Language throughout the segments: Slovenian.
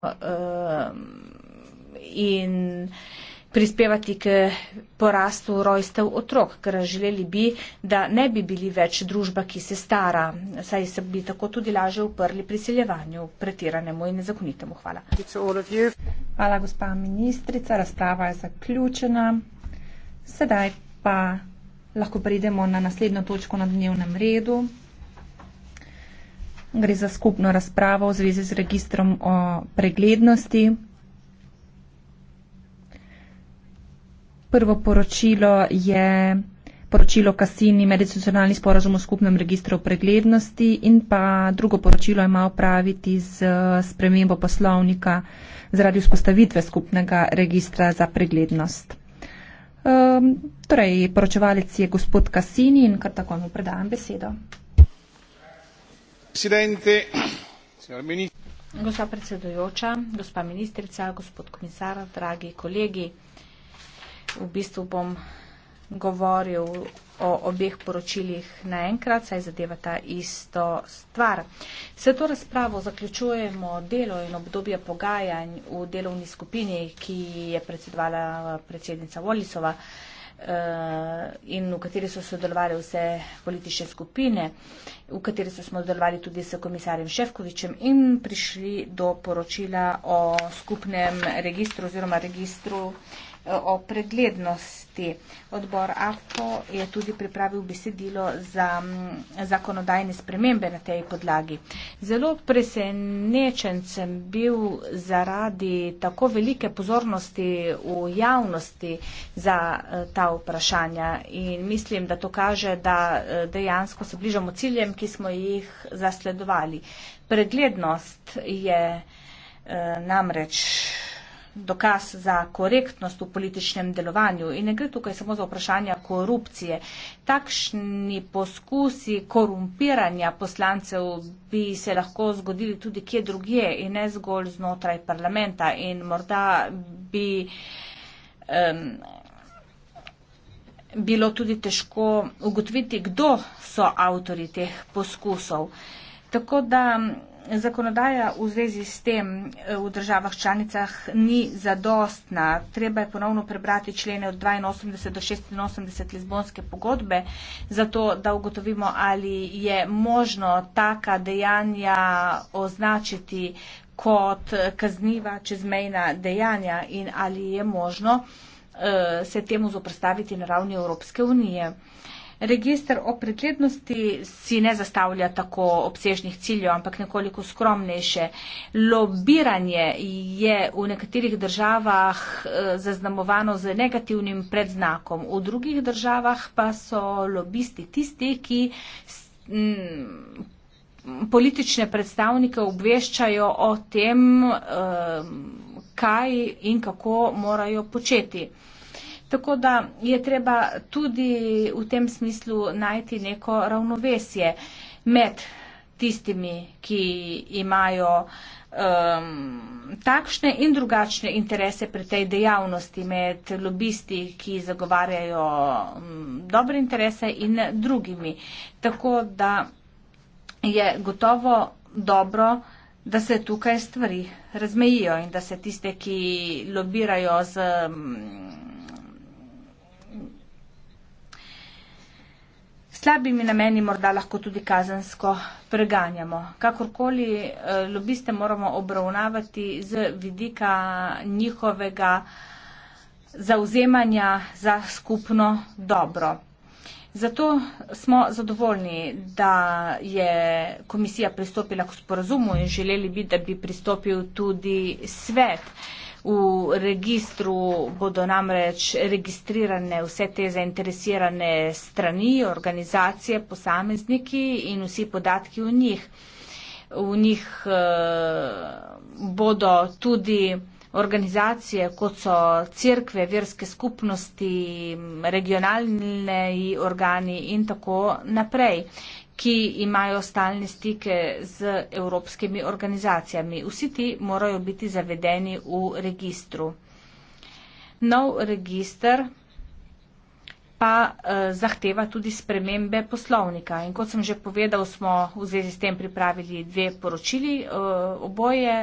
uh, in prispevati k porastu rojstev otrok, ker želeli bi, da ne bi bili več družba, ki se stara, saj se bi tako tudi laže uprli priseljevanju pretiranemu in nezakonitemu. Hvala. Hvala, gospa ministrica. Razprava je zaključena. Sedaj pa lahko pridemo na naslednjo točko na dnevnem redu gre za skupno razpravo v zvezi z registrom o preglednosti. Prvo poročilo je poročilo Kasini, medicinalni sporazum o skupnem registru o preglednosti in pa drugo poročilo ima opraviti z spremembo poslovnika zaradi vzpostavitve skupnega registra za preglednost. Um, torej, poročevalec je gospod Kasini in kar tako mu predajam besedo presidente signor ministro gospa predsedujoča gospa ministrica gospod komisar dragi kolegi v bistvu bom govoril o obeh poročilih naenkrat, saj zadevata isto stvar. Se to razpravo zaključujemo delo in obdobje pogajanj v delovni skupini, ki je predsedovala predsednica Volisova. Uh, Eh, in v kateri so sodelovali vse politične skupine, v kateri so sodelovali tudi s komisarjem Ševkovičem in prišli do poročila o skupnem registru oziroma registru uh, o preglednosti. Odbor AFPO je tudi pripravil besedilo za zakonodajne spremembe na tej podlagi. Zelo presenečen sem bil zaradi tako velike pozornosti v javnosti za eh, ta vprašanja in mislim, da to kaže, da eh, dejansko se bližamo ciljem, ki smo jih zasledovali. Preglednost je eh, namreč dokaz za korektnost v političnem delovanju in ne gre tukaj samo za vprašanja korupcije. Takšni poskusi korumpiranja poslancev bi se lahko zgodili tudi kje drugje in ne zgolj znotraj parlamenta in morda bi um, bilo tudi težko ugotoviti, kdo so avtori teh poskusov. Tako da zakonodaja v zvezi s tem eh, v državah članicah ni zadostna. Treba je ponovno prebrati člene od 82 do 86 Lizbonske pogodbe, zato da ugotovimo, ali je možno taka dejanja označiti kot eh, kazniva čezmejna dejanja in ali je možno eh, se temu zoprstaviti na ravni Evropske unije. Uh, Registr o preglednosti si ne zastavlja tako obsežnih ciljev, ampak nekoliko skromnejše. Lobiranje je v nekaterih državah eh, zaznamovano z negativnim predznakom, v drugih državah pa so lobisti tisti, ki mm, politične predstavnike obveščajo o tem, eh, kaj in kako morajo početi. Tako da je treba tudi v tem smislu najti neko ravnovesje med tistimi, ki imajo um, takšne in drugačne interese pri tej dejavnosti, med lobisti, ki zagovarjajo um, dobre interese in drugimi. Tako da je gotovo dobro, da se tukaj stvari razmejijo in da se tiste, ki lobirajo z. Um, slabimi nameni morda lahko tudi kazansko preganjamo. Kakorkoli, eh, lobiste moramo obravnavati z vidika njihovega zauzemanja za skupno dobro. Zato smo zadovoljni, da je komisija pristopila k sporazumu in želeli bi, da bi pristopil tudi svet. V registru bodo namreč registrirane vse te zainteresirane strani, organizacije, posamezniki in vsi podatki v njih. V njih eh, bodo tudi organizacije, kot so crkve, verske skupnosti, regionalne organi in tako naprej ki imajo stalne stike z evropskimi organizacijami. Vsi ti morajo biti zavedeni v registru. Nov registr pa eh, zahteva tudi spremembe poslovnika. In kot sem že povedal, smo v zvezi s tem pripravili dve poročili. Eh, oboje,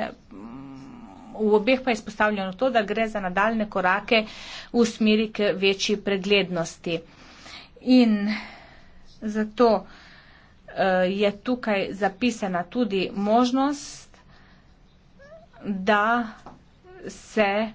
v obeh pa je izpostavljeno to, da gre za nadaljne korake v smeri k večji preglednosti. In zato eh, Eh, je tukaj zapisana tudi možnost, da se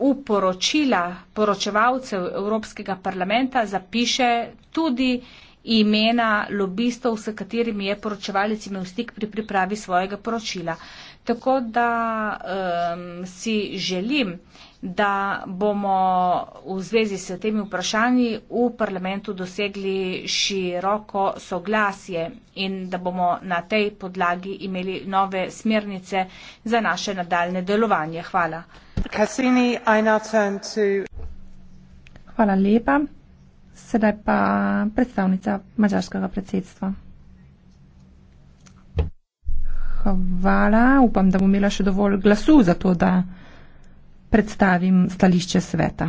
v poročila poročevalcev Evropskega parlamenta zapiše tudi imena lobistov, s katerimi je poročevalec imel stik pri pripravi svojega poročila. Tako da um, si želim, da bomo v zvezi s temi vprašanji v parlamentu dosegli široko soglasje in da bomo na tej podlagi imeli nove smernice za naše nadaljne delovanje. Hvala. Cassini, to... Hvala lepa. Sedaj pa predstavnica mađarskega predsedstva. Hvala. Upam, da bom imela še dovolj glasu za to, da predstavim stališče sveta.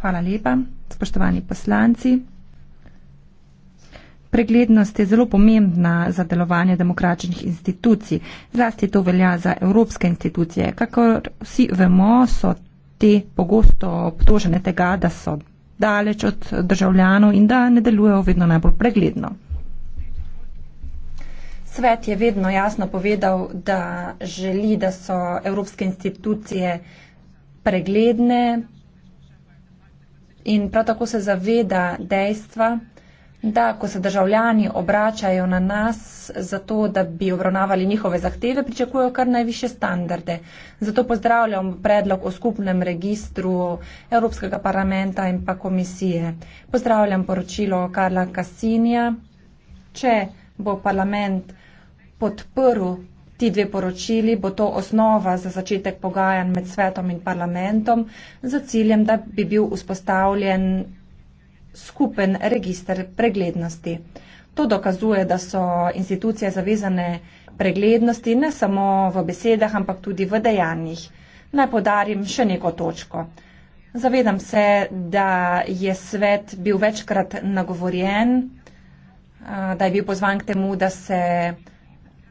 Hvala lepa, spoštovani poslanci. Preglednost je zelo pomembna za delovanje demokratičnih institucij. Zlasti to velja za evropske institucije. Kakor vsi vemo, so te pogosto obtožene tega, da so daleč od državljanov in da ne delujejo vedno najbolj pregledno. Svet je vedno jasno povedal, da želi, da so evropske institucije pregledne in prav tako se zaveda dejstva, da ko se državljani obračajo na nas za to, da bi obravnavali njihove zahteve, pričakujejo kar najviše standarde. Zato pozdravljam predlog o skupnem registru Evropskega parlamenta in pa komisije. Pozdravljam poročilo Karla Kasinja. Če bo parlament podprl ti dve poročili, bo to osnova za začetek pogajanj med svetom in parlamentom za ciljem, da bi bil vzpostavljen skupen register preglednosti. To dokazuje, da so institucije zavezane preglednosti ne samo v besedah, ampak tudi v dejanjih. Naj podarim še neko točko. Zavedam se, da je svet bil večkrat nagovorjen, da je bil pozvan k temu, da se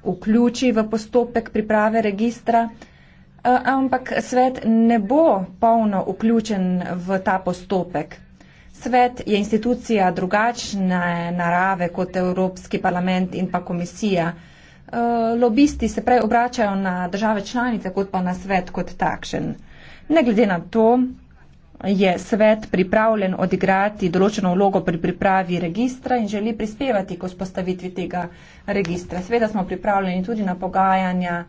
vključi v postopek priprave registra, eh, ampak svet ne bo polno vključen v ta postopek. Svet je institucija drugačne narave kot Evropski parlament in pa komisija. Eh, lobisti se prej obračajo na države članice kot pa na svet kot takšen. Ne glede na to, je svet pripravljen odigrati določeno vlogo pri pripravi registra in želi prispevati k vzpostavitvi tega registra. Sveda smo pripravljeni tudi na pogajanja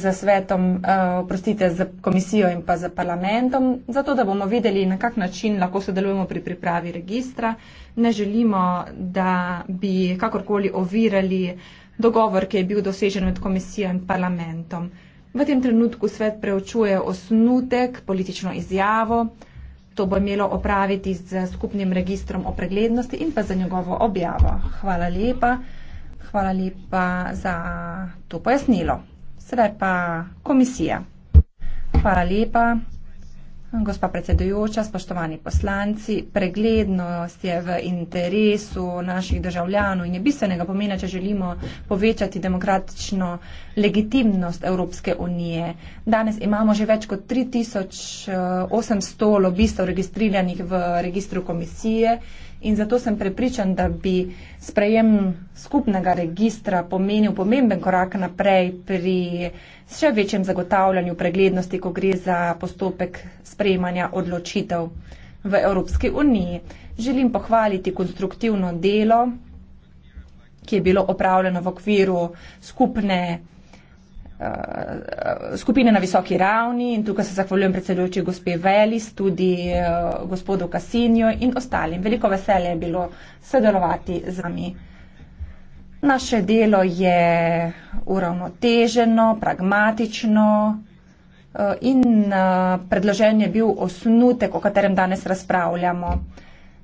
za svetom, eh, oprostite, za komisijo in pa za parlamentom, zato da bomo videli, na kak način lahko sodelujemo pri pripravi registra. Ne želimo, da bi kakorkoli ovirali dogovor, ki je bil dosežen med komisijo in parlamentom. V tem trenutku svet preučuje osnutek, politično izjavo, To bo imelo opraviti z skupnim registrom o preglednosti in pa za njegovo objavo. Hvala lepa. Hvala lepa za to pojasnilo. Sedaj pa komisija. Hvala lepa. Gospa predsedujoča, spoštovani poslanci, preglednost je v interesu naših državljanov in je bistvenega pomena, če želimo povečati demokratično legitimnost Evropske unije. Danes imamo že več kot 3800 eh, lobistov registriranih v registru komisije In zato sem prepričan, da bi sprejem skupnega registra pomenil pomemben korak naprej pri še večjem zagotavljanju preglednosti, ko gre za postopek sprejemanja odločitev v Evropski uniji. Želim pohvaliti konstruktivno delo, ki je bilo opravljeno v okviru skupne Eh, skupine na visoki ravni in tukaj se zahvaljujem predsedujoči gospe Velis, tudi uh, gospodu Kasinjo in ostalim. Veliko veselje je bilo sodelovati z nami. Naše delo je uravnoteženo, pragmatično uh, in uh, predložen je bil osnutek, o katerem danes razpravljamo.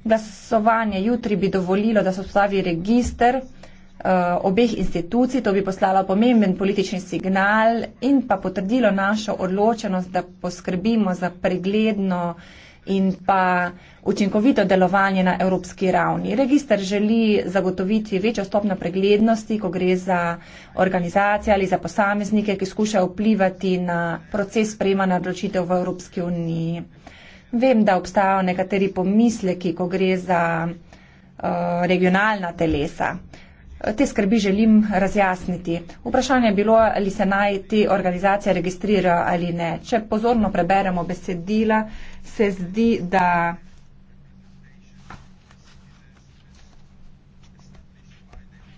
Glasovanje jutri bi dovolilo, da se vstavi registr. Eh, obeh institucij, to bi poslalo pomemben politični signal in pa potrdilo našo odločenost, da poskrbimo za pregledno in pa učinkovito delovanje na evropski ravni. Registr želi zagotoviti večjo stopno preglednosti, ko gre za organizacije ali za posameznike, ki skušajo vplivati na proces sprejemanja odločitev v Evropski uniji. Vem, da obstajajo nekateri pomisleki, ko gre za uh, regionalna telesa. Uh, Te skrbi želim razjasniti. Vprašanje je bilo, ali se naj te organizacije registrirajo ali ne. Če pozorno preberemo besedila, se zdi, da.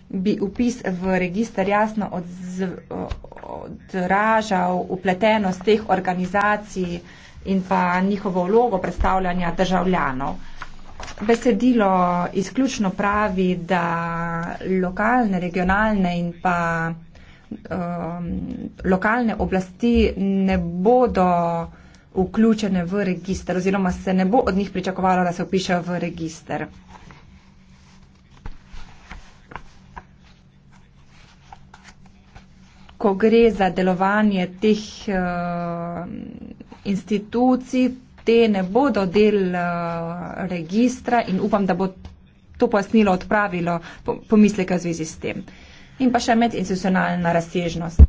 bi upis v registr jasno odražal upletenost teh organizacij in pa njihovo vlogo predstavljanja državljanov besedilo izključno pravi, da lokalne, regionalne in pa um, lokalne oblasti ne bodo vključene v register oziroma se ne bo od njih pričakovalo, da se upišejo v register. Ko gre za delovanje teh uh, institucij, te ne bodo del eh, registra in upam, da bo to pojasnilo odpravilo pomisleka v zvezi s tem. In pa še medinstitucionalna razsežnost.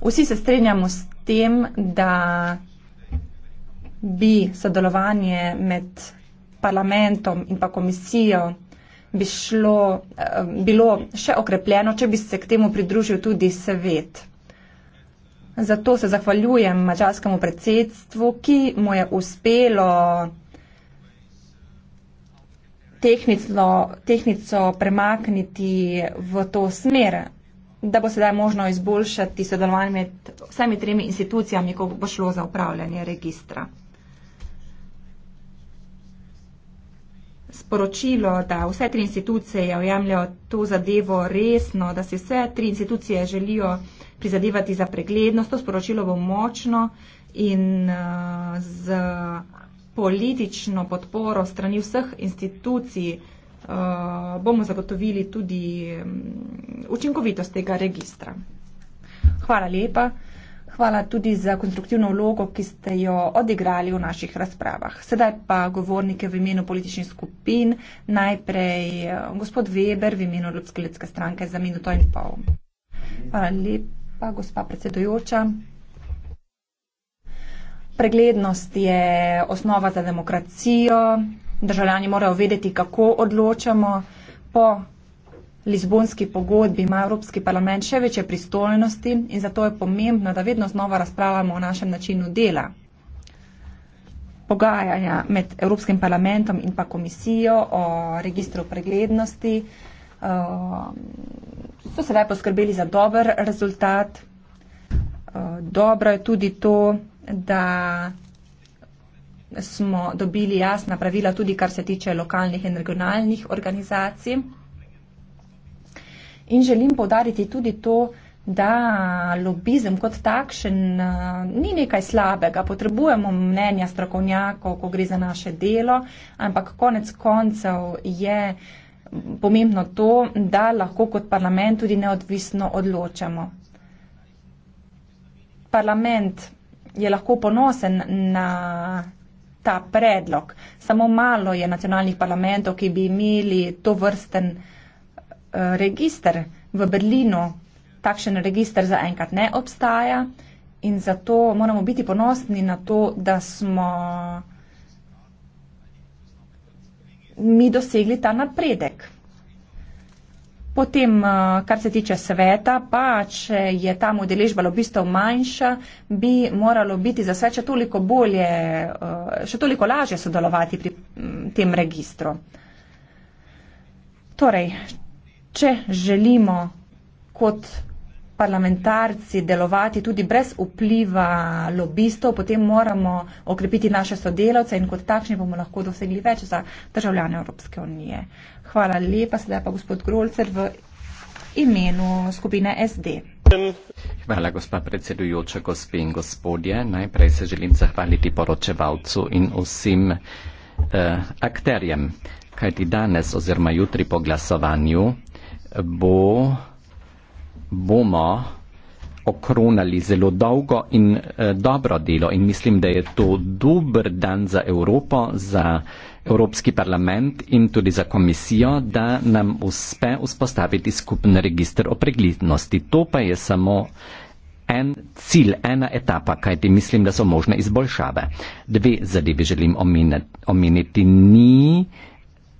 Vsi se strenjamo s tem, da bi sodelovanje med parlamentom in pa komisijo bi šlo, eh, bilo še okrepljeno, če bi se k temu pridružil tudi svet. Zato se zahvaljujem mačarskemu predsedstvu, ki mu je uspelo tehnico, tehnico premakniti v to smer, da bo sedaj možno izboljšati sodelovanje med vsemi tremi institucijami, ko bo šlo za upravljanje registra. Sporočilo, da vse tri institucije ujemljajo to zadevo resno, da si vse tri institucije želijo prizadevati za preglednost. To sporočilo bo močno in eh, z politično podporo strani vseh institucij eh, bomo zagotovili tudi mm, učinkovitost tega registra. Hvala lepa. Hvala tudi za konstruktivno vlogo, ki ste jo odigrali v naših razpravah. Sedaj pa govornike v imenu političnih skupin. Najprej eh, gospod Weber v imenu Ljudske ljudske stranke za minuto in pol. Hvala lepa lepa, gospa predsedujoča. Preglednost je osnova za demokracijo. Državljani morajo vedeti, kako odločamo. Po Lizbonski pogodbi ima Evropski parlament še večje pristojnosti in zato je pomembno, da vedno znova razpravljamo o našem načinu dela. Pogajanja med Evropskim parlamentom in pa komisijo o registru preglednosti uh, so sedaj poskrbeli za dober rezultat. Uh, dobro je tudi to, da smo dobili jasna pravila tudi, kar se tiče lokalnih in regionalnih organizacij. In želim povdariti tudi to, da lobizem kot takšen ehm, ni nekaj slabega. Potrebujemo mnenja strokovnjakov, ko gre za naše delo, ampak konec koncev je. Uh, pomembno to, da lahko kot parlament tudi neodvisno odločamo. Parlament je lahko ponosen na ta predlog. Samo malo je nacionalnih parlamentov, ki bi imeli to vrsten eh, register v Berlinu. Takšen register zaenkrat ne obstaja in zato moramo biti ponosni na to, da smo mi dosegli ta napredek. Potem, eh, kar se tiče sveta, pa če je tam udeležba lobistov manjša, bi moralo biti za svet še toliko bolje, eh, še toliko lažje sodelovati pri mm, tem registru. Torej, če želimo kot parlamentarci delovati tudi brez vpliva lobistov, potem moramo okrepiti naše sodelavce in kot takšni bomo lahko dosegli več za državljane Evropske unije. Hvala lepa, sedaj pa gospod Grolcer v imenu skupine SD. Hvala, gospa predsedujoča, gospe in gospodje. Najprej se želim zahvaliti poročevalcu in vsem eh, akterjem, kajti danes oziroma jutri po glasovanju bo bomo okronali zelo dolgo in eh, dobro delo in mislim, da je to dober dan za Evropo, za Evropski parlament in tudi za komisijo, da nam uspe vzpostaviti skupen registr o preglednosti. To pa je samo en cilj, ena etapa, kajti mislim, da so možne izboljšave. Dve zadeve želim omeniti. omeniti. Ni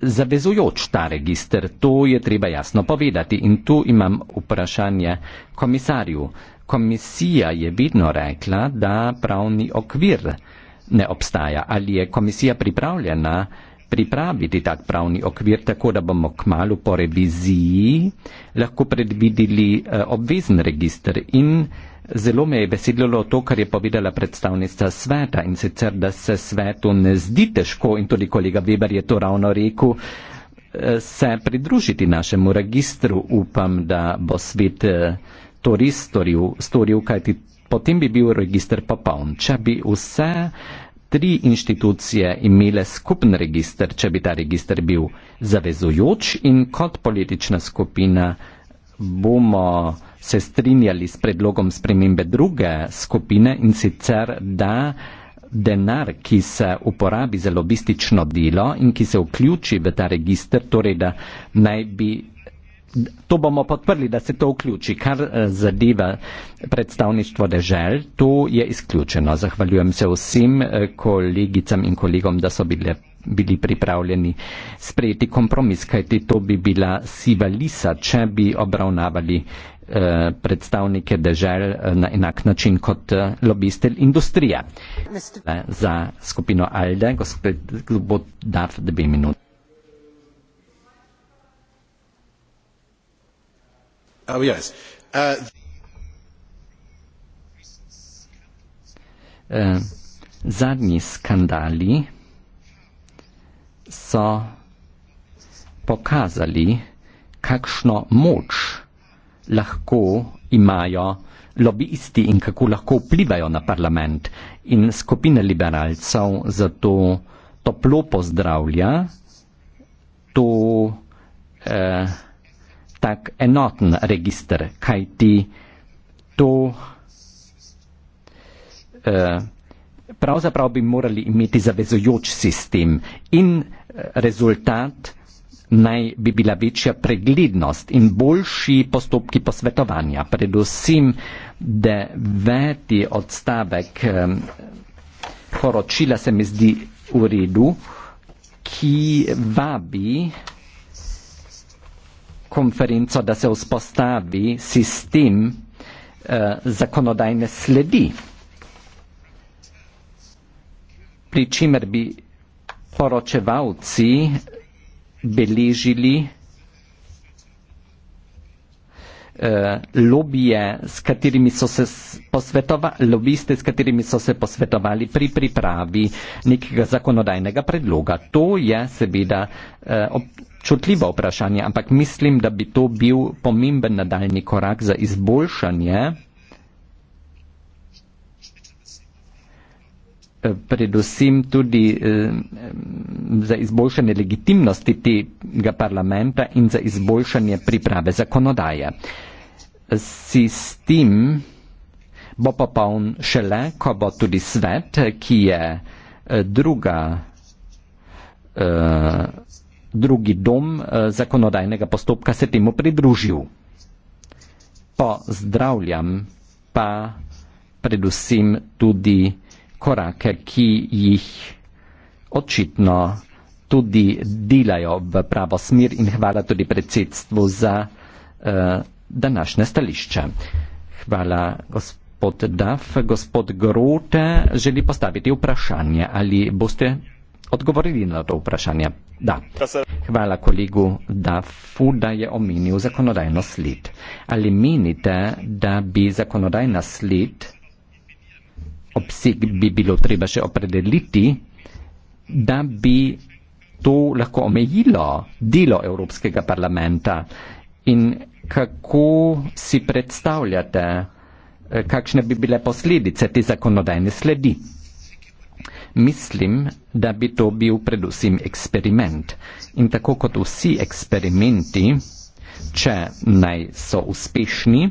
zavezujoč ta registr, to je treba jasno povedati. In tu imam vprašanje komisarju. Komisija je vedno rekla, da pravni okvir ne obstaja. Ali je komisija pripravljena pripraviti tak pravni okvir, tako da bomo kmalo po reviziji lahko predvideli eh, obvezen registr in Zelo me je besedilo to, kar je povedala predstavnica sveta in sicer, da se svetu ne zdi težko, in tudi kolega Weber je to ravno rekel, eh, se pridružiti našemu registru. Upam, da bo svet eh, to res storil, storil kajti potem bi bil registr popoln. Če bi vse tri inštitucije imele skupen registr, če bi ta registr bil zavezujoč in kot politična skupina bomo se strinjali s predlogom spremembe druge skupine in sicer, da denar, ki se uporabi za lobistično delo in ki se vključi v ta register, torej da naj bi. To bomo podprli, da se to vključi. Kar eh, zadeva predstavništvo dežel, to je izključeno. Zahvaljujem se vsem eh, kolegicam in kolegom, da so bile, bili pripravljeni sprejeti kompromis, kajti to bi bila siva lisa, če bi obravnavali Eh, predstavnike dežel eh, na enak način kot eh, lobiste industrije. Za skupino Alde, gospod Globot, dav dve minuti. Oh, yes. uh, uh, zadnji skandali so pokazali, kakšno moč uh, lahko imajo lobisti in kako lahko vplivajo na parlament. In skupina liberalcev zato toplo pozdravlja to eh, tak enoten register, kaj ti to eh, pravzaprav bi morali imeti zavezojoč sistem in eh, rezultat eh, naj bi bila večja preglednost in boljši postopki posvetovanja, predvsem deveti odstavek poročila se mi zdi v redu, ki vabi konferenco, da se vzpostavi sistem eh, zakonodajne sledi, pri čemer bi poročevalci beležili eh, lobije, s katerimi so se posvetovali, lobiste, s katerimi so se posvetovali pri pripravi nekega zakonodajnega predloga. To je seveda eh, občutljivo vprašanje, ampak mislim, da bi to bil pomemben nadaljni korak za izboljšanje predvsem tudi za izboljšanje legitimnosti tega parlamenta in za izboljšanje priprave zakonodaje. Sistem bo popoln šele, ko bo tudi svet, ki je e, druga, e, drugi dom e, zakonodajnega postopka, se temu pridružil. Pozdravljam pa predvsem tudi korake, ki jih očitno tudi delajo v pravo smer in hvala tudi predsedstvu za uh, današnje stališče. Hvala gospod Daf. Gospod Grote želi postaviti vprašanje. Ali boste odgovorili na to vprašanje? Da. Hvala kolegu Dafu, da je omenil zakonodajno sled. Ali menite, da bi zakonodajna sled obseg bi bilo treba še opredeliti, da bi to lahko omejilo delo Evropskega parlamenta in kako si predstavljate, eh, kakšne bi bile posledice te zakonodajne sledi. Mislim, da bi to bil predvsem eksperiment in tako kot vsi eksperimenti, če naj so uspešni,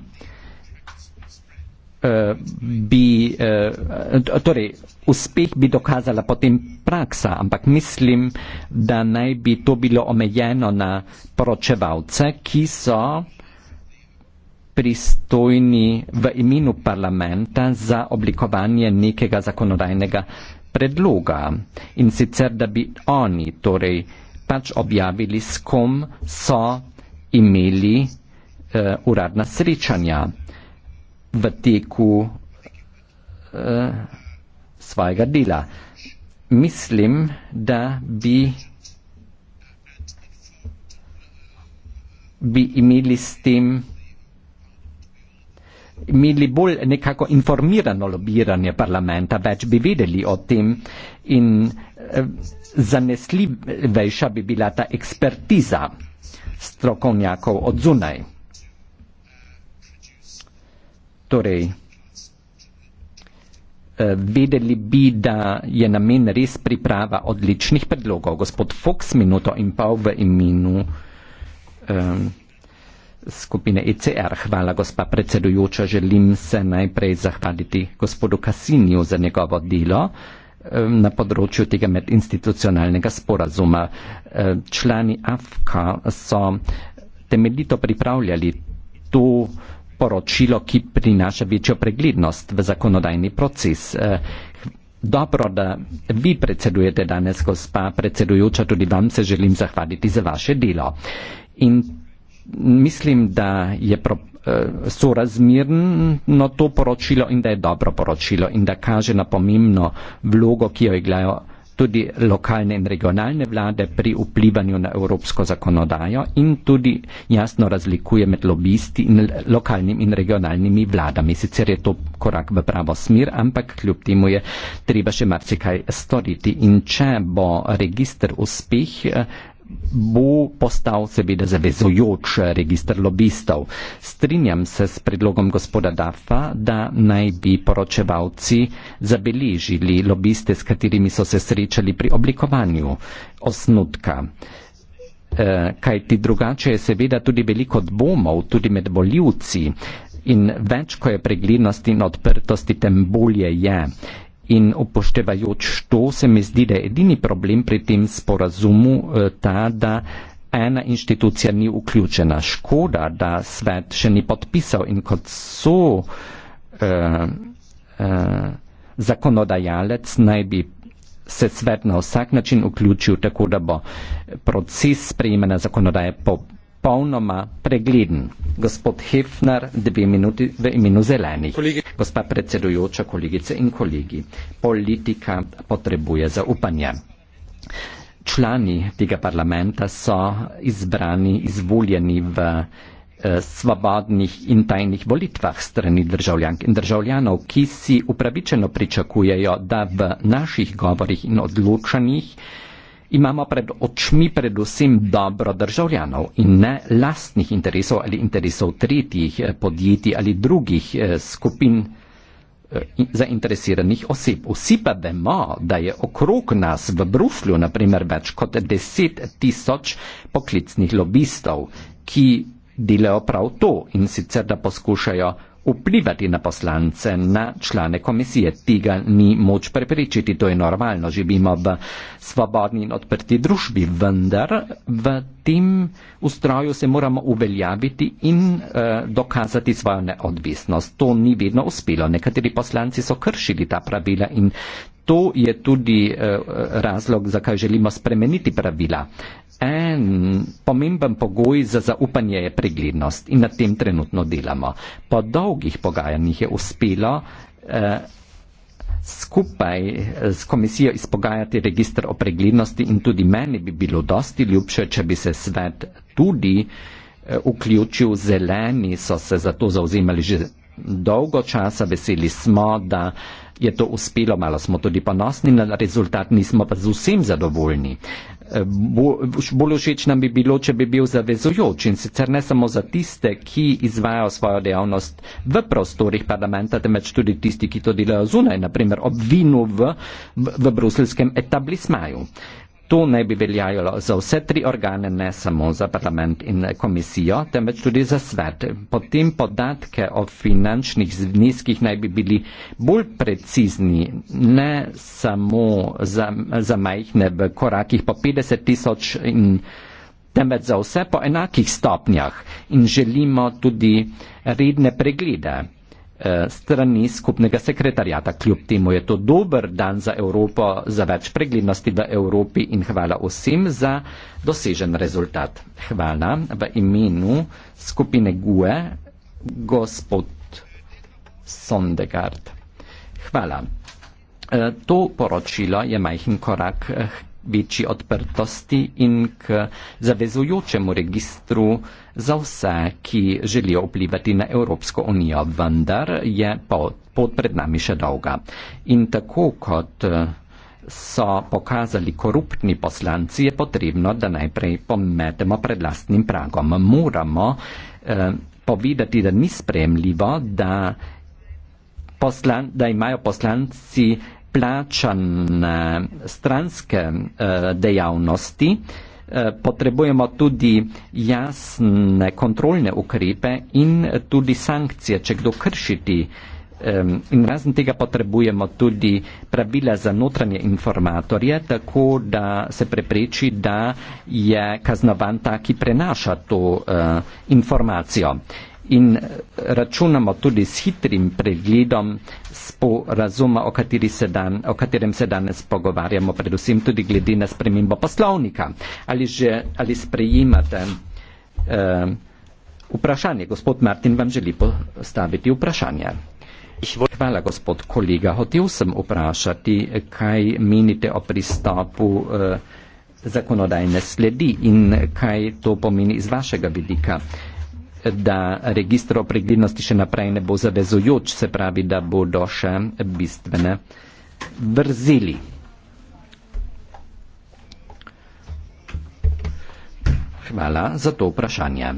bi, eh, torej, uspeh bi dokazala potem praksa, ampak mislim, da naj bi to bilo omejeno na poročevalce, ki so pristojni v imenu parlamenta za oblikovanje nekega zakonodajnega predloga in sicer, da bi oni torej pač objavili, s kom so imeli uh, uradna srečanja v teku uh, svojega dela. Mislim, da bi, bi imeli s tem imeli bolj nekako informirano lobiranje parlamenta, več bi vedeli o tem in uh, zanesljivejša bi bila ta ekspertiza strokovnjakov od zunaj torej, eh, videli bi, da je namen res priprava odličnih predlogov. Gospod Foks, minuto in pol v imenu um, skupine ECR. Hvala, gospa predsedujoča. Želim se najprej zahvaliti gospodu Kasinju za njegovo delo um, na področju tega medinstitucionalnega sporazuma. Um, člani AFKA so temeljito pripravljali to poročilo, ki prinaša večjo preglednost v zakonodajni proces. Eh, dobro, da vi predsedujete danes, gospa predsedujoča, tudi vam se želim zahvaliti za vaše delo. In mislim, da je pro, eh, sorazmirno to poročilo in da je dobro poročilo in da kaže na pomembno vlogo, ki jo igrajo tudi lokalne in regionalne vlade pri vplivanju na evropsko zakonodajo in tudi jasno razlikuje med lobisti in lokalnimi in regionalnimi vladami. Sicer je to korak v pravo smer, ampak kljub temu je treba še marsikaj storiti. In če bo registr uspeh, eh, bo postal seveda zavezojoč registr lobistov. Strinjam se s predlogom gospoda Dafa, da naj bi poročevalci zabeležili lobiste, s katerimi so se srečali pri oblikovanju osnutka. E, eh, kaj ti drugače je seveda tudi veliko dvomov, tudi med boljivci. In več, ko je preglednosti in odprtosti, tem bolje je in upoštevajoč to, se mi zdi, da je edini problem pri tem sporazumu eh, ta, da ena inštitucija ni vključena. Škoda, da svet še ni podpisal in kot so uh, uh, zakonodajalec naj bi se svet na vsak način vključil, tako da bo proces sprejemanja zakonodaje po popolnoma pregleden. Gospod Hefner, dve minuti v imenu zelenih. Kolegi. Gospa predsedujoča, kolegice in kolegi, politika potrebuje zaupanje. Člani tega parlamenta so izbrani, izvoljeni v eh, svobodnih in tajnih volitvah strani državljank in državljanov, ki si upravičeno pričakujejo, da v naših govorih in odločanjih imamo pred očmi predvsem dobro državljanov in ne lastnih interesov ali interesov tretjih eh, podjetij ali drugih eh, skupin eh, zainteresiranih oseb. Vsi pa vemo, da je okrog nas v Bruslju naprimer več kot deset tisoč poklicnih lobistov, ki delajo prav to in sicer, da poskušajo Vplivati na poslance, na člane komisije, tega ni moč prepričati, to je normalno, živimo v svobodni in odprti družbi, vendar v tem ustroju se moramo uveljaviti in uh, dokazati svojo neodvisnost. To ni vedno uspelo. Nekateri poslanci so kršili ta pravila in to je tudi uh, razlog, zakaj želimo spremeniti pravila. Uh, En pomemben pogoj za zaupanje je preglednost in na tem trenutno delamo. Po dolgih pogajanjih je uspelo eh, skupaj eh, s komisijo izpogajati registr o preglednosti in tudi meni bi bilo dosti ljubše, če bi se svet tudi eh, vključil. Zeleni so se za to zauzemali že dolgo časa, veseli smo, da eh, je to uspelo, malo smo tudi ponosni na rezultat, nismo pa z vsem zadovoljni. E, bolj všeč nam bi bilo, če bi bil zavezujoč in sicer ne samo za tiste, ki izvajo svojo dejavnost v prostorih parlamenta, temveč tudi tisti, ki to delajo zunaj, naprimer ob vinu v, v, v bruselskem etablismaju. To naj bi veljajalo za vse tri organe, ne samo za parlament in komisijo, temveč tudi za svet. Potem podatke o finančnih zniskih naj bi bili bolj precizni, ne samo za, za majhne v korakih po 50 tisoč in temveč za vse po enakih stopnjah in želimo tudi redne preglede. Eh, strani skupnega sekretarjata. Kljub temu je to dober dan za Evropo, za več preglednosti v Evropi in hvala vsem za dosežen rezultat. Hvala v imenu skupine GUE, gospod Sondegard. Hvala. Eh, to poročilo je majhen korak večji odprtosti in k zavezujočemu registru za vse, ki želijo vplivati na Evropsko unijo, vendar je pot, pot pred nami še dolga. In tako kot eh, so pokazali koruptni poslanci, je potrebno, da najprej pometemo pred lastnim pragom. Moramo eh, povedati, da ni spremljivo, da, poslan, da imajo poslanci plačane stranske eh, dejavnosti, eh, potrebujemo tudi jasne kontrolne ukrepe in tudi sankcije, če kdo kršiti. In razen tega potrebujemo tudi pravila za notranje informatorje, tako da se prepreči, da je kaznovan ta, ki prenaša to uh, informacijo. Uh, in računamo tudi s hitrim pregledom sporazuma, o, se dan, o katerem se danes pogovarjamo, predvsem tudi glede na spremembo poslovnika. Ali, že, ali sprejimate eh, vprašanje? Gospod Martin vam želi postaviti vprašanje. Hvala, gospod kolega. Hotel sem vprašati, kaj menite o pristopu eh, zakonodajne sledi in kaj to pomeni iz vašega vidika. Eh, da registr o pregledanosti še naprej ne bo zavezujoč, se pravi, da bodo še bistvene vrzeli. Hvala za to vprašanje.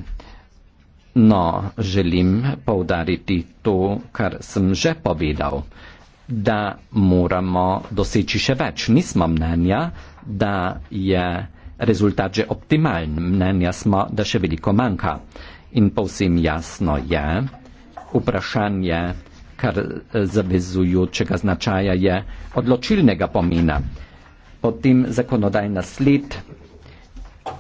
No, želim povdariti to, kar sem že povedal, da moramo doseči še več. Nismo mnenja, da je rezultat že optimalen. Mnenja smo, da še veliko manjka in povsem jasno je, vprašanje, kar eh, zavezujočega značaja je odločilnega pomena. Potem zakonodajna sled, eh,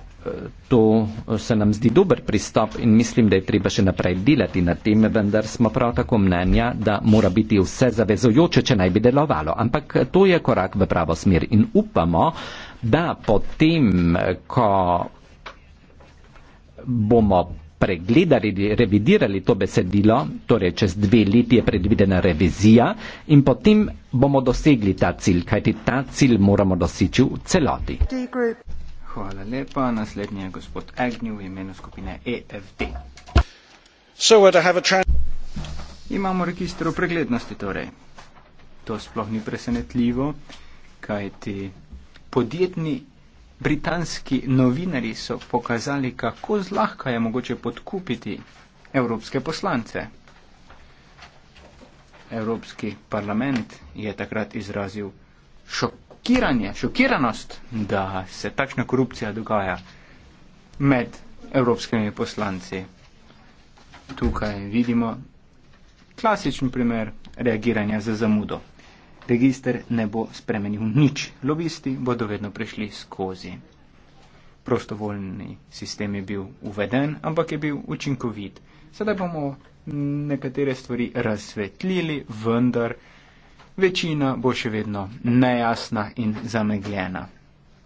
to eh, se nam zdi dober pristop in mislim, da je treba še naprej delati na tem, vendar smo prav tako mnenja, da mora biti vse zavezujoče, če naj bi delovalo. Ampak to je korak v pravo smer in upamo, da potem, ko bomo pregledali, revidirali to besedilo, torej čez dve leti je predvidena revizija in potem bomo dosegli ta cilj, kajti ta cilj moramo doseči v celoti. Hvala lepa. Naslednji je gospod Agnew v imenu skupine EFD. So uh, Imamo registr o preglednosti, torej. To sploh ni presenetljivo, kajti podjetni Britanski novinari so pokazali, kako zlahka je mogoče podkupiti evropske poslance. Evropski parlament je takrat izrazil šokiranje, šokiranost, da se takšna korupcija dogaja med evropskimi poslanci. Tukaj vidimo klasičen primer reagiranja za zamudo. Register ne bo spremenil nič. Lobisti bodo vedno prešli skozi. Prostovoljni sistem je bil uveden, ampak je bil učinkovit. Sedaj bomo nekatere stvari razsvetlili, vendar večina bo še vedno nejasna in zamegljena.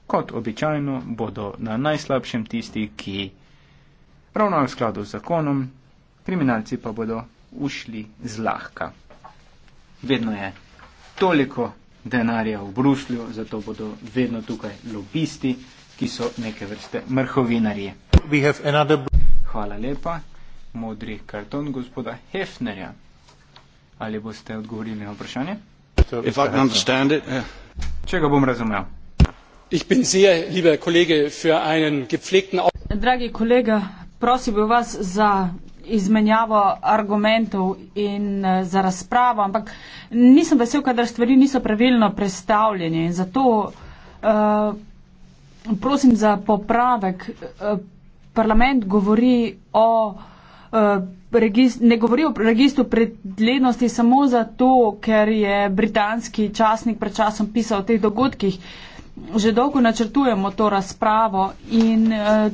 Kot običajno bodo na najslabšem tisti, ki ravnajo v skladu z zakonom, kriminalci pa bodo ušli zlahka. Vedno je toliko denarja v Bruslju, zato bodo vedno tukaj lobisti, ki so neke vrste mrhovinarji. Hvala lepa. Modri karton gospoda Hefnerja. Ali boste odgovorili na vprašanje? Eh. Če ga bom razumel. Ich bin sehr, lieber Kollege, für einen gepflegten. Dragi kolega, prosim bi vas za izmenjavo argumentov in eh, za razpravo, ampak nisem vesel, kadar stvari niso pravilno predstavljene in zato uh, prosim za popravek. Uh, parlament govori o, uh, regist, ne govori o registru predlednosti samo zato, ker je britanski časnik pred časom pisal o teh dogodkih. Že dolgo načrtujemo to razpravo in uh,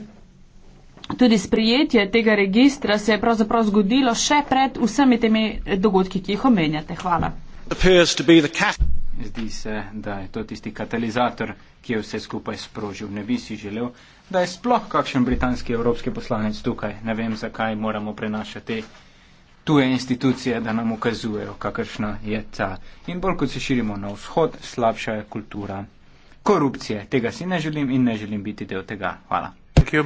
Tudi sprijetje tega registra se je pravzaprav zgodilo še pred vsemi temi dogodki, ki jih omenjate. Hvala. Zdi se, da je to tisti katalizator, ki je vse skupaj sprožil. Ne bi si želel, da je sploh kakšen britanski evropski poslanec tukaj. Ne vem, zakaj moramo prenašati tuje institucije, da nam ukazujejo, kakršna je ta. In bolj kot se širimo na vzhod, slabša je kultura korupcije. Tega si ne želim in ne želim biti del tega. Hvala. Ja,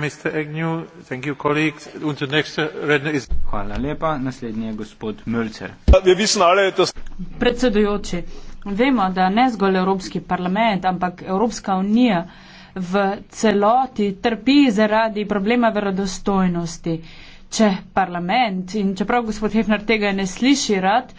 predsedujoči vemo da ne zgolj evropski parlament ampak evropska unija v celoti trpi zaradi problema verodostojnosti če parlament in čeprav gospod Hefner tega ne sliši rad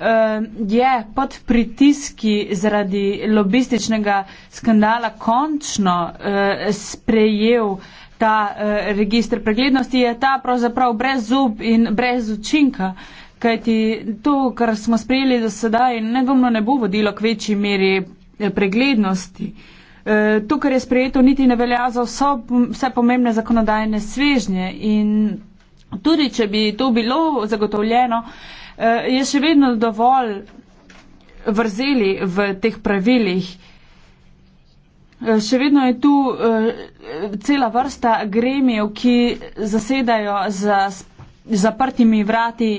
Eh, je pod pritiski zaradi lobističnega skandala končno eh, sprejel ta eh, registr preglednosti, je ta pravzaprav brez zub in brez učinka. Kajti to, kar smo sprejeli do sedaj, nedvomno ne bo vodilo k večji meri preglednosti. To, kar je sprejeto, niti ne velja za vso, vse pomembne zakonodajne svežnje. In tudi, če bi to bilo zagotovljeno, Eh, je še vedno dovolj vrzeli v teh pravilih. Eh, še vedno je tu eh, cela vrsta gremijev, ki zasedajo za zaprtimi vrati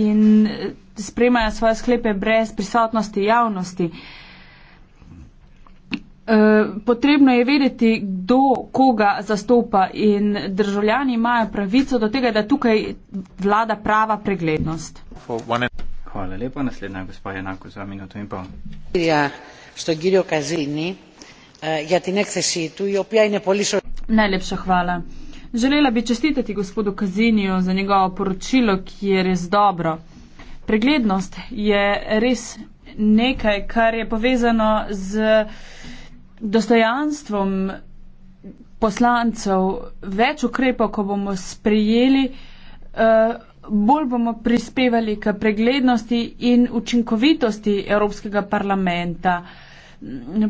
in spremajo svoje sklepe brez prisotnosti javnosti. Eh, potrebno je vedeti, kdo koga zastopa in državljani imajo pravico do tega, da tukaj vlada prava preglednost. Hvala lepa, naslednja gospa je enako za minuto in pol. Ja, eh, ja Najlepša hvala. Želela bi čestitati gospodu Kazinju za njegovo poročilo, ki je res dobro. Preglednost je res nekaj, kar je povezano z. Uh, dostojanstvom poslancev več ukrepov, ko bomo sprejeli, eh, bolj bomo prispevali k preglednosti in učinkovitosti Evropskega parlamenta.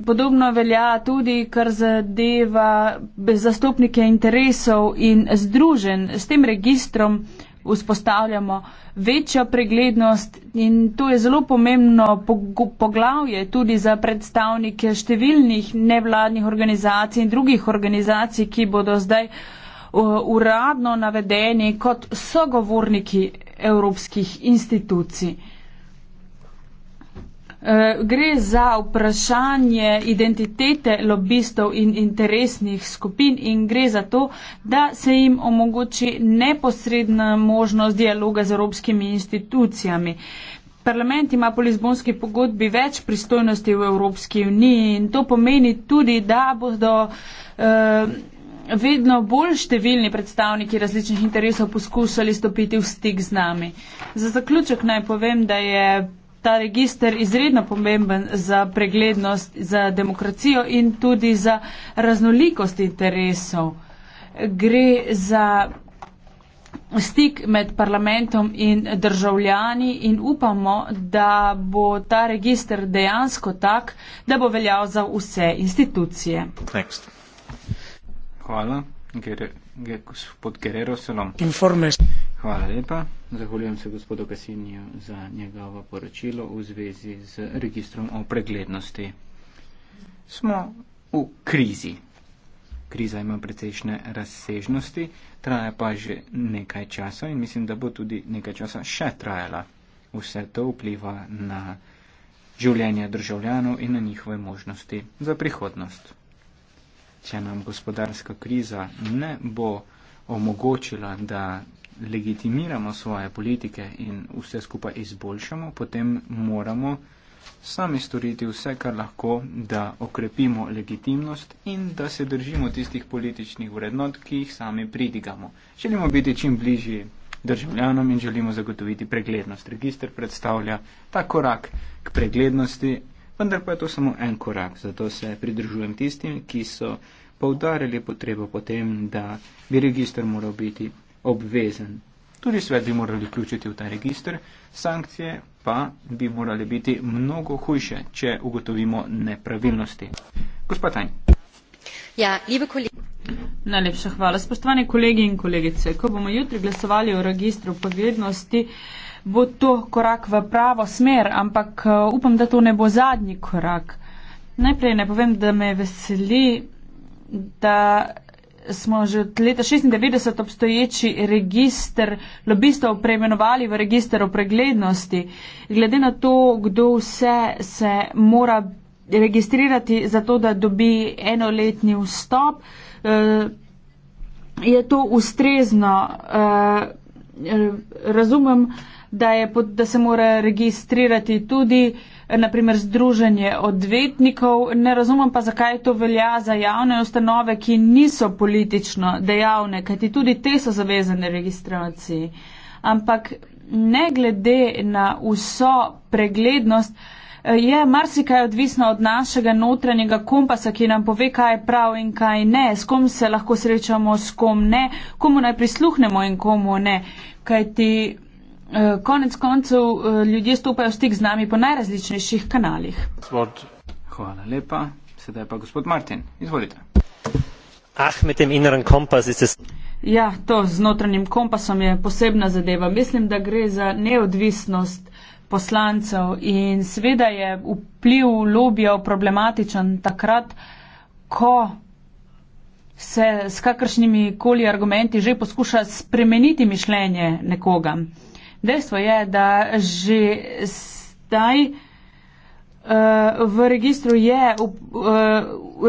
Podobno velja tudi, kar zadeva zastopnike interesov in združen s tem registrom, vzpostavljamo večjo preglednost in to je zelo pomembno poglavje tudi za predstavnike številnih nevladnih organizacij in drugih organizacij, ki bodo zdaj uradno navedeni kot sogovorniki evropskih institucij. Eh, gre za vprašanje identitete lobistov in interesnih skupin in gre za to, da se jim omogoči neposredna možnost dialoga z evropskimi institucijami. Parlament ima po Lizbonski pogodbi več pristojnosti v Evropski uniji in to pomeni tudi, da bodo eh, vedno bolj številni predstavniki različnih interesov poskušali stopiti v stik z nami. Za zaključek naj povem, da je ta register izredno pomemben za preglednost, za demokracijo in tudi za raznolikost interesov. Gre za stik med parlamentom in državljani in upamo, da bo ta register dejansko tak, da bo veljal za vse institucije. Next. Hvala. Gre gospod Guerrero Salom. Informes. Hvala lepa. Zahvaljujem se gospodu Kasinju za njegovo poročilo v zvezi z registrom o preglednosti. Smo v krizi. Kriza ima precejšnje razsežnosti, traja pa že nekaj časa in mislim, da bo tudi nekaj časa še trajala. Vse to vpliva na življenje državljanov in na njihove možnosti za prihodnost če nam gospodarska kriza ne bo omogočila, da legitimiramo svoje politike in vse skupaj izboljšamo, potem moramo sami storiti vse, kar lahko, da okrepimo legitimnost in da se držimo tistih političnih vrednot, ki jih sami pridigamo. Želimo biti čim bližji državljanom in želimo zagotoviti preglednost. Registr predstavlja ta korak k preglednosti vendar pa je to samo en korak, zato se pridružujem tistim, ki so poudarili potrebo potem, da bi registr moral biti obvezen. Tudi svet bi morali vključiti v ta registr, sankcije pa bi morali biti mnogo hujše, če ugotovimo nepravilnosti. Gospod Tanj. Ja, lebe kolegi. Najlepša hvala. Spoštovani kolegi in kolegice, ko bomo jutri glasovali o registru podvednosti, eh, bo to korak v pravo smer, ampak eh, upam, da to ne bo zadnji korak. Najprej ne povem, da me veseli, da smo že od leta 96 obstoječi registr lobistov preimenovali v registr o preglednosti. Glede na to, kdo vse se mora registrirati za to, da dobi enoletni vstop, eh, je to ustrezno. Eh, razumem, da, pod, da se mora registrirati tudi eh, naprimer združenje odvetnikov. Ne razumem pa, zakaj to velja za javne ustanove, ki niso politično dejavne, kajti tudi te so zavezane registraciji. Ampak ne glede na vso preglednost, eh, je marsikaj odvisno od našega notranjega kompasa, ki nam pove, kaj je prav in kaj ne, s kom se lahko srečamo, s kom ne, komu naj prisluhnemo in komu ne. Kajti Eh, konec koncev eh, ljudje stopajo v stik z nami po najrazličnejših kanalih. Gospod, hvala lepa. Sedaj pa gospod Martin, izvolite. Ah, med tem inneren kompas je se. Ja, to z notranjim kompasom je posebna zadeva. Mislim, da gre za neodvisnost poslancev in seveda je vpliv lobijev problematičen takrat, ko se s kakršnimi koli argumenti že poskuša spremeniti mišljenje nekoga. Dejstvo je, da že zdaj uh, v registru je uh,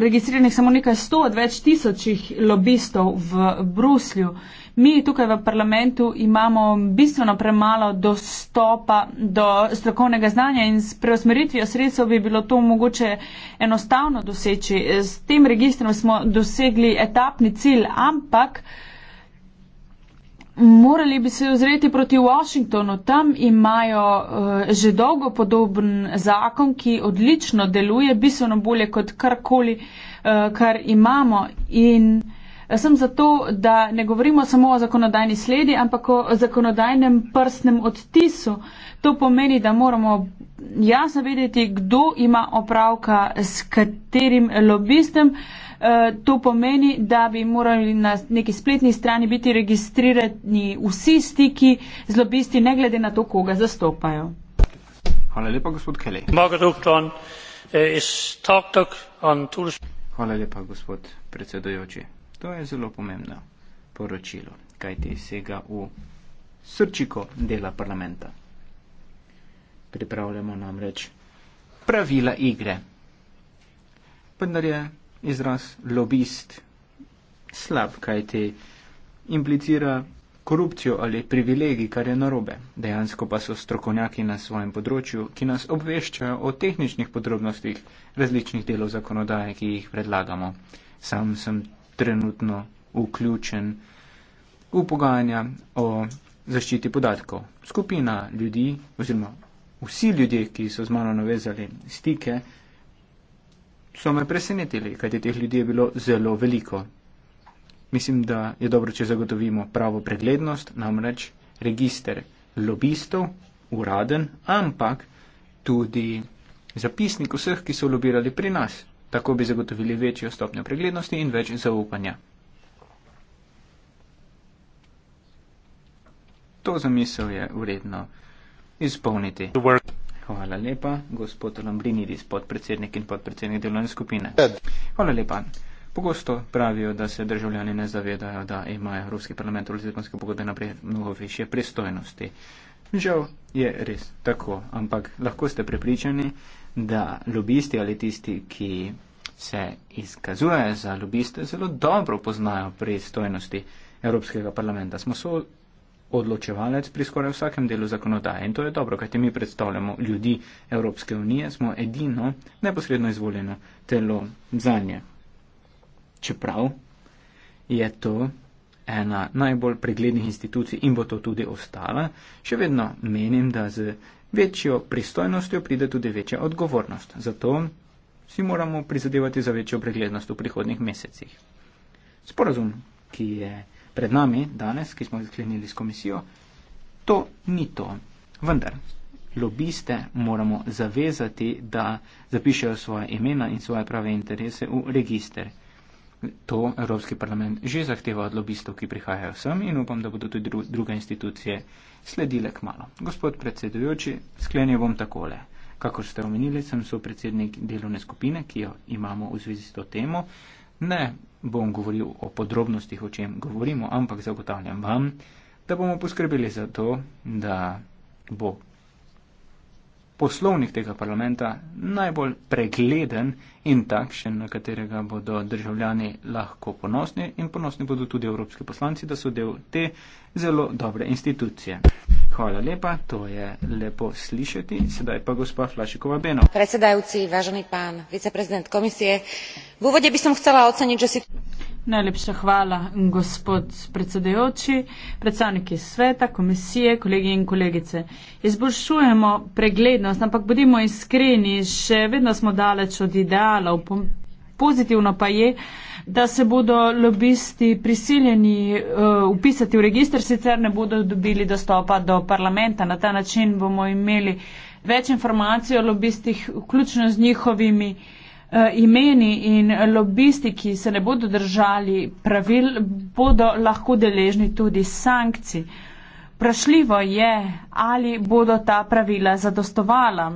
registriranih samo nekaj sto od več tisočih lobistov v Bruslju. Mi tukaj v parlamentu imamo bistveno premalo dostopa do strokovnega znanja in s preusmeritvijo sredstev bi bilo to mogoče enostavno doseči. S tem registrom smo dosegli etapni cilj, ampak uh, Morali bi se ozreti proti Washingtonu. Tam imajo uh, že dolgo podoben zakon, ki odlično deluje, bistveno bolje kot karkoli, uh, kar imamo. In eh, sem zato, da ne govorimo samo o zakonodajni sledi, ampak o zakonodajnem prstnem odtisu. To pomeni, da moramo jasno vedeti, kdo ima opravka s katerim lobistem. Uh, Eh, to pomeni, da bi morali na neki spletni strani biti registrirani vsi stiki z lobisti, ne glede na to, koga zastopajo. Hvala lepa, gospod Kelly. Eh, Hvala lepa, gospod predsedojoči. To je zelo pomembno poročilo, kajti sega v srčiko dela parlamenta. Pripravljamo namreč pravila igre. Vendar je izraz lobist slab, kajti implicira korupcijo ali privilegij, kar je narobe. Dejansko pa so strokovnjaki na svojem področju, ki nas obveščajo o tehničnih podrobnostih različnih delov zakonodaje, ki jih predlagamo. Sam sem trenutno vključen v pogajanja o zaščiti podatkov. Skupina ljudi oziroma vsi ljudje, ki so z mano navezali stike, so me presenetili, kajti teh ljudi je bilo zelo veliko. Mislim, da je dobro, če zagotovimo pravo preglednost, namreč register lobistov, uraden, ampak tudi zapisnik vseh, ki so lobirali pri nas. Tako bi zagotovili večjo stopnjo preglednosti in več zaupanja. To zamisel je vredno izpolniti. Hvala lepa, gospod Lambrinidis, podpredsednik in podpredsednik delovne skupine. Hvala lepa. Pogosto pravijo, da se državljani ne zavedajo, da ima Evropski parlament v Lizbonske pogodbe naprej mnogo više pristojnosti. Žal je res tako, ampak lahko ste prepričani, da lobisti ali tisti, ki se izkazujejo za lobiste, zelo dobro poznajo pristojnosti Evropskega parlamenta. Smo so odločevalec pri skoraj vsakem delu zakonodaje. In to je dobro, kajti mi predstavljamo ljudi Evropske unije, smo edino neposredno izvoljeno telo za nje. Čeprav je to ena najbolj preglednih institucij in bo to tudi ostala, še vedno menim, da z večjo pristojnostjo pride tudi večja odgovornost. Zato si moramo prizadevati za večjo preglednost v prihodnih mesecih. Sporazum, ki je pred nami danes, ki smo jih sklenili s komisijo, to ni to. Vendar, lobiste moramo zavezati, da zapišajo svoje imena in svoje prave interese v register. To Evropski parlament že zahteva od lobistov, ki prihajajo sem in upam, da bodo tudi dru druge institucije sledile k malo. Gospod predsedujoči, sklenil bom takole. Kako ste omenili, sem so predsednik delovne skupine, ki jo imamo v zvezi s to temo ne bom govoril o podrobnostih, o čem govorimo, ampak zagotavljam vam, da bomo poskrbeli za to, da bo poslovnik tega parlamenta najbolj pregleden in takšen, na katerega bodo državljani lahko ponosni in ponosni bodo tudi evropski poslanci, da so del te zelo dobre institucije. Hvala lepa, to je lepo slišati. Sedaj pa gospa Flašikova Beno. Predsedajúci, vážený pán viceprezident komisie, v úvode by som chcela oceniť, že si... Najlepša hvala, gospod predsedajoči, predstavniki sveta, komisije, kolegi in kolegice. Izboljšujemo preglednost, ampak bodimo iskreni, še vedno smo daleč od idealov. Pozitivno pa je, da se bodo lobisti prisiljeni uh, eh, upisati v registr, sicer ne bodo dobili dostopa do parlamenta. Na ta način bomo imeli več informacij o lobistih, vključno z njihovimi uh, imeni in lobisti, ki se ne bodo držali pravil, bodo lahko deležni tudi sankcij. Vprašljivo je, ali bodo ta pravila zadostovala.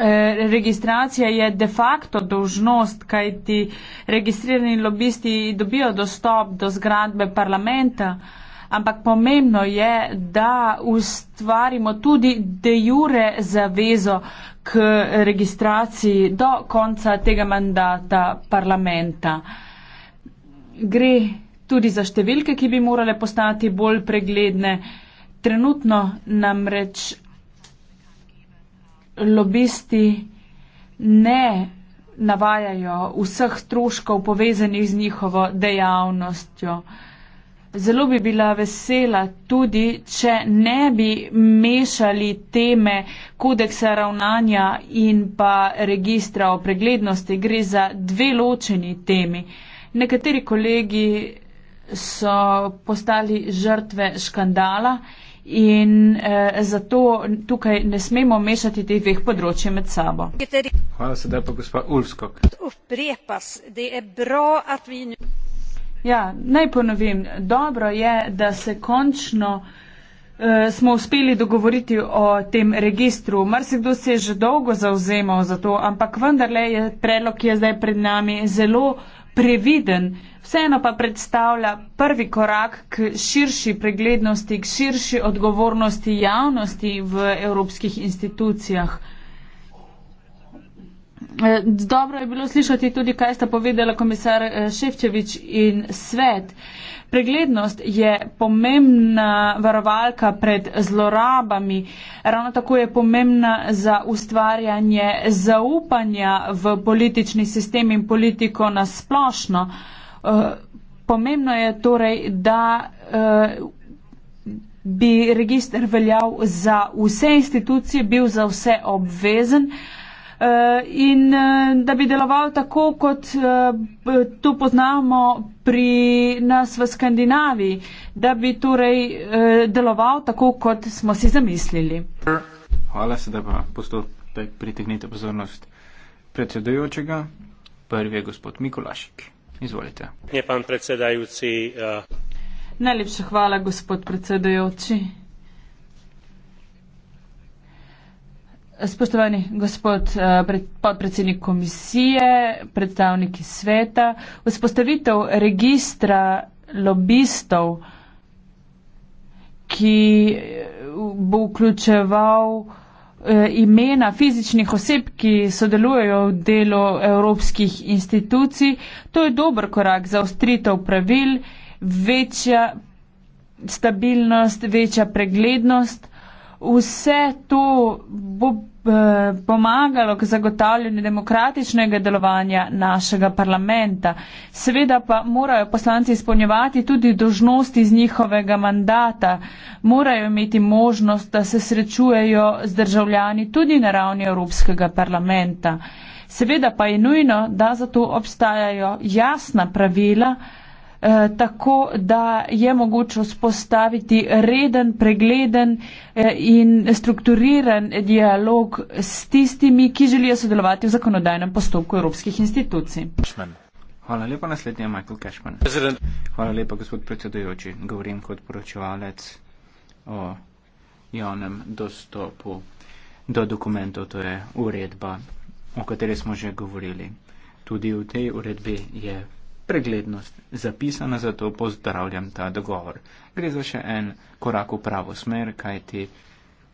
Eh, registracija je de facto dožnost, kaj ti registrirani lobisti dobijo dostop do zgradbe parlamenta, ampak pomembno je, da ustvarimo tudi de jure zavezo k registraciji do konca tega mandata parlamenta. Gre tudi za številke, ki bi morale postati bolj pregledne. Trenutno namreč lobisti ne navajajo vseh troškov povezanih z njihovo dejavnostjo. Zelo bi bila vesela tudi, če ne bi mešali teme kodeksa ravnanja in pa registra o preglednosti. Gre za dve ločeni temi. Nekateri kolegi so postali žrtve škandala. In eh, zato tukaj ne smemo mešati teh dveh področji med sabo. Hvala sedaj pa gospa Ulskog. Ja, naj ponovim, dobro je, da se končno eh, smo uspeli dogovoriti o tem registru. Marsikdo se je že dolgo zauzemal za to, ampak vendarle je predlog, ki je zdaj pred nami, zelo previden vseeno pa predstavlja prvi korak k širši preglednosti, k širši odgovornosti javnosti v evropskih institucijah. E, dobro je bilo slišati tudi, kaj sta povedala komisar e, Ševčevič in svet. Preglednost je pomembna varovalka pred zlorabami, ravno tako je pomembna za ustvarjanje zaupanja v politični sistem in politiko na splošno. Uh, Eh, pomembno je torej, da eh, bi registr veljal za vse institucije, bil za vse obvezen eh, in da bi deloval tako, kot to poznamo pri nas v Skandinaviji, da bi torej deloval tako, kot smo si zamislili. Hvala se, da pa postopek pritegnite pozornost predsedujočega. Prvi je gospod Mikulašik. Izvolite. Eh, Najlepša hvala, gospod predsedajoči. Spoštovani gospod eh, podpredsednik komisije, predstavniki sveta, vzpostavitev registra lobistov, ki eh, bo vključeval Eh, imena fizičnih oseb, ki sodelujejo v delu evropskih institucij. To je dober korak za ostritev pravil, večja stabilnost, večja preglednost. Vse to bo Eh, pomagalo k zagotavljanju demokratičnega delovanja našega parlamenta. Seveda pa morajo poslanci izpolnjevati tudi dožnosti iz njihovega mandata, morajo imeti možnost, da se srečujejo z državljani tudi na ravni Evropskega parlamenta. Seveda pa je nujno, da zato obstajajo jasna pravila, Eh, tako da je mogoče vzpostaviti reden, pregleden eh, in strukturiran dialog s tistimi, ki želijo sodelovati v zakonodajnem postopku evropskih institucij. Hvala lepa, naslednji je Michael Cashman. Hvala lepa, gospod predsedujoči. Govorim kot poročevalec o javnem dostopu do dokumentov, to je uredba, o kateri smo že govorili. Tudi v tej uredbi je preglednost zapisana, zato pozdravljam ta dogovor. Gre za še en korak v pravo smer, kajti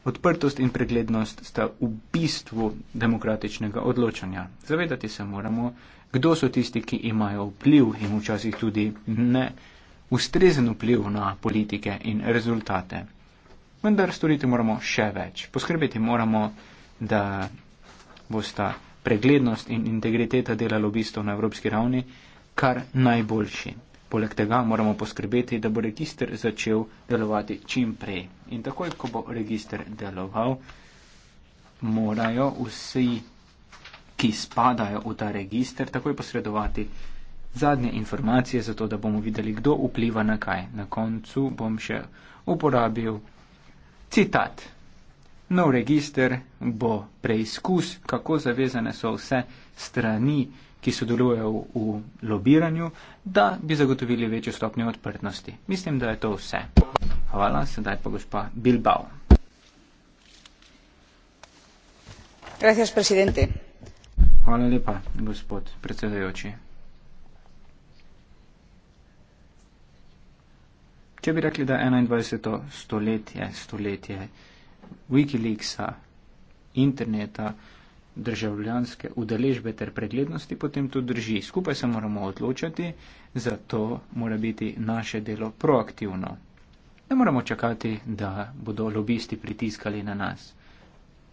odprtost in preglednost sta v bistvu demokratičnega odločanja. Zavedati se moramo, kdo so tisti, ki imajo vpliv in včasih tudi ne ustrezen vpliv na politike in rezultate. Vendar storiti moramo še več. Poskrbeti moramo, da bosta preglednost in integriteta dela lobistov na evropski ravni kar najboljši. Poleg tega moramo poskrbeti, da bo registr začel delovati čim prej. In takoj, ko bo registr deloval, morajo vsi, ki spadajo v ta registr, takoj posredovati zadnje informacije, zato da bomo videli, kdo vpliva na kaj. Na koncu bom še uporabil citat. Nov registr bo preizkus, kako zavezane so vse strani ki sodelujejo v, v lobiranju, da bi zagotovili večjo stopnjo odprtnosti. Mislim, da je to vse. Hvala, sedaj pa gospa Bilbao. Gracias, presidente. Hvala lepa, gospod predsedajoči. Če bi rekli, da je 21. stoletje, stoletje Wikileaksa, interneta, državljanske udeležbe ter preglednosti, potem to drži. Skupaj se moramo odločati, zato mora biti naše delo proaktivno. Ne moramo čakati, da bodo lobisti pritiskali na nas.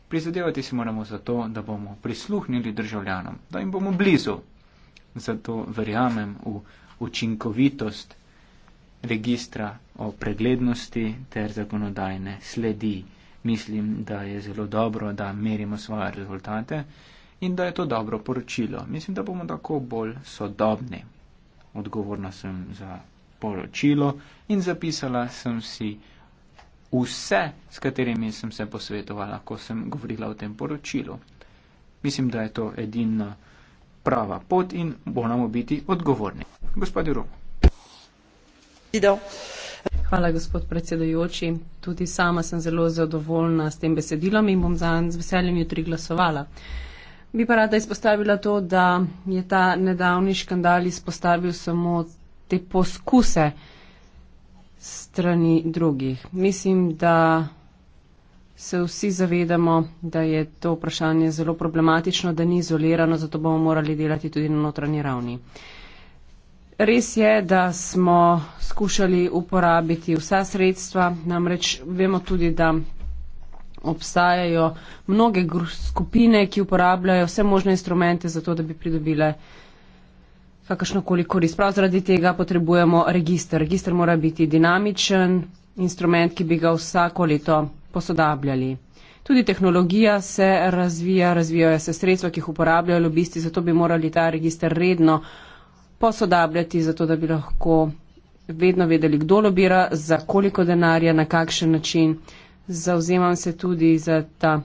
Prizadevati se moramo za to, da bomo prisluhnili državljanom, da jim bomo blizu. Zato verjamem v učinkovitost registra o preglednosti ter zakonodajne sledi mislim, da je zelo dobro, da merimo svoje rezultate in da je to dobro poročilo. Mislim, da bomo tako bolj sodobni. Odgovorna sem za poročilo in zapisala sem si vse, s katerimi sem se posvetovala, ko sem govorila o tem poročilu. Mislim, da je to edina prava pot in moramo biti odgovorni. Gospod Juro. Idemo. Hvala, gospod predsedujoči. Tudi sama sem zelo zadovoljna s tem besedilom in bom zanj z veseljem jutri glasovala. Bi pa rada izpostavila to, da je ta nedavni škandal izpostavil samo te poskuse strani drugih. Mislim, da se vsi zavedamo, da je to vprašanje zelo problematično, da ni izolirano, zato bomo morali delati tudi na notranji ravni. Uh, Res je, da smo skušali uporabiti vsa sredstva, namreč vemo tudi, da obstajajo mnoge skupine, ki uporabljajo vse možne instrumente za to, da bi pridobile kakršnokoli korist. Prav zaradi tega potrebujemo register. Register mora biti dinamičen instrument, ki bi ga vsako leto posodabljali. Tudi tehnologija se razvija, razvijajo se sredstva, ki jih uporabljajo lobisti, zato bi morali ta register redno posodabljati, zato da bi lahko vedno vedeli, kdo lobira, za koliko denarja, na kakšen način. Zauzemam se tudi za ta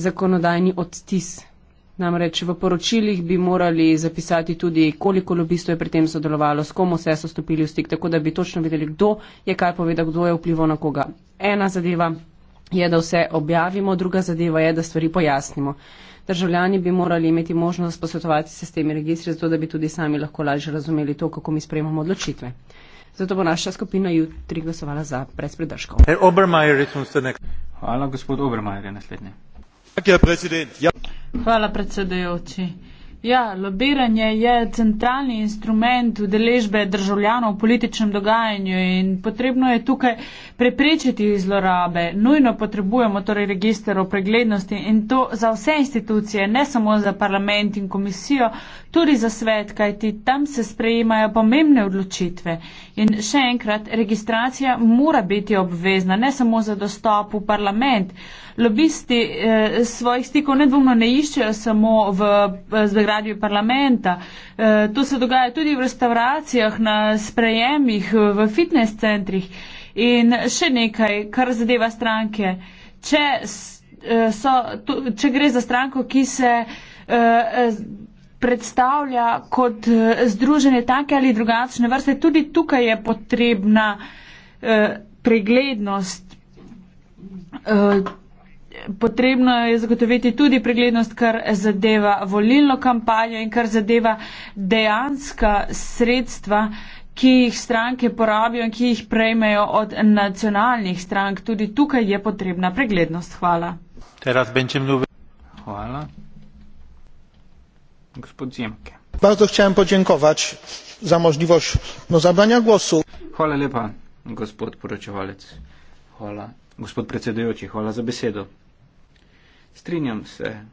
zakonodajni odtis. Namreč v poročilih bi morali zapisati tudi, koliko lobistov je pri tem sodelovalo, s kom vse so stopili v stik, tako da bi točno vedeli, kdo je kaj povedal, kdo je vplival na koga. Ena zadeva je, da vse objavimo, druga zadeva je, da stvari pojasnimo državljani bi morali imeti možnost posvetovati se s temi registri, zato da bi tudi sami lahko lažje razumeli to, kako mi sprejemamo odločitve. Zato bo naša skupina jutri glasovala za brez pridržkov. Hvala, gospod Obermajer, naslednji. Ja. Hvala, predsedujoči. Ja, lobiranje je centralni instrument udeležbe državljanov v političnem dogajanju in potrebno je tukaj preprečiti zlorabe. Nujno potrebujemo torej register o preglednosti in to za vse institucije, ne samo za parlament in komisijo, tudi za svet, kajti tam se sprejemajo pomembne odločitve In še enkrat, registracija mora biti obvezna, ne samo za dostop v parlament. Lobisti eh, svojih stikov nedvomno ne iščejo samo v eh, zgradbi parlamenta. Eh, to se dogaja tudi v restauracijah, na sprejemih, v fitness centrih. In še nekaj, kar zadeva stranke. Če, eh, so, to, če gre za stranko, ki se. Eh, eh, predstavlja kot eh, združenje take ali drugačne vrste, tudi tukaj je potrebna eh, preglednost. Eh, potrebno je zagotoviti tudi preglednost, kar zadeva volilno kampanjo in kar zadeva dejanska sredstva, ki jih stranke porabijo in ki jih prejmejo od nacionalnih strank. Tudi tukaj je potrebna preglednost. Hvala. Hvala bardzo chciałem podziękować za możliwość no, zabrania głosu hvala lepa gospod poročevalec hvala gospod predsedujoči hvala za besedo strinjam se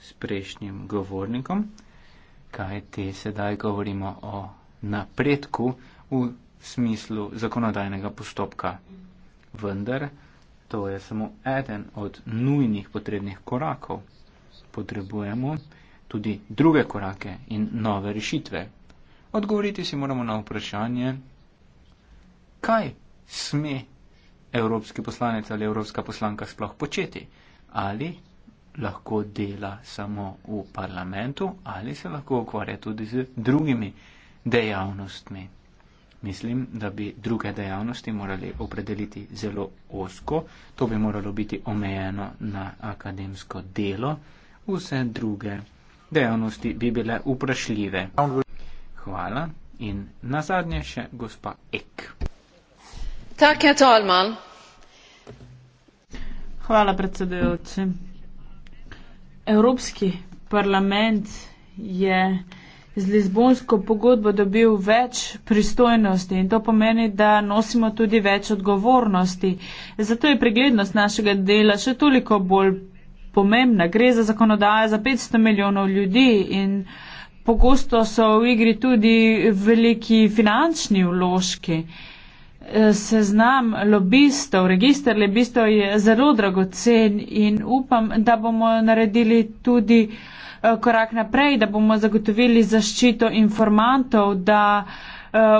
s prejšnjim govornikom kajti sedaj govorimo o napredku v smislu zakonodajnega postopka vendar to je samo eden od nujnih potrebnih korakov potrebujemo tudi druge korake in nove rešitve. Odgovoriti si moramo na vprašanje, kaj sme evropski poslanec ali evropska poslanka sploh početi. Ali lahko dela samo v parlamentu ali se lahko ukvarja tudi z drugimi dejavnostmi. Mislim, da bi druge dejavnosti morali opredeliti zelo osko, to bi moralo biti omejeno na akademsko delo, vse druge dejavnosti bi bile vprašljive. Hvala. In na zadnje še gospa Ek. Tak je talman. Hvala, predsedujoči. Evropski parlament je z Lizbonsko pogodbo dobil več pristojnosti in to pomeni, da nosimo tudi več odgovornosti. Zato je preglednost našega dela še toliko bolj pomembna. Gre za zakonodajo za 500 milijonov ljudi in pogosto so v igri tudi veliki finančni vložki. E, seznam lobistov, registr lobistov je zelo dragocen in upam, da bomo naredili tudi e, korak naprej, da bomo zagotovili zaščito informantov, da e,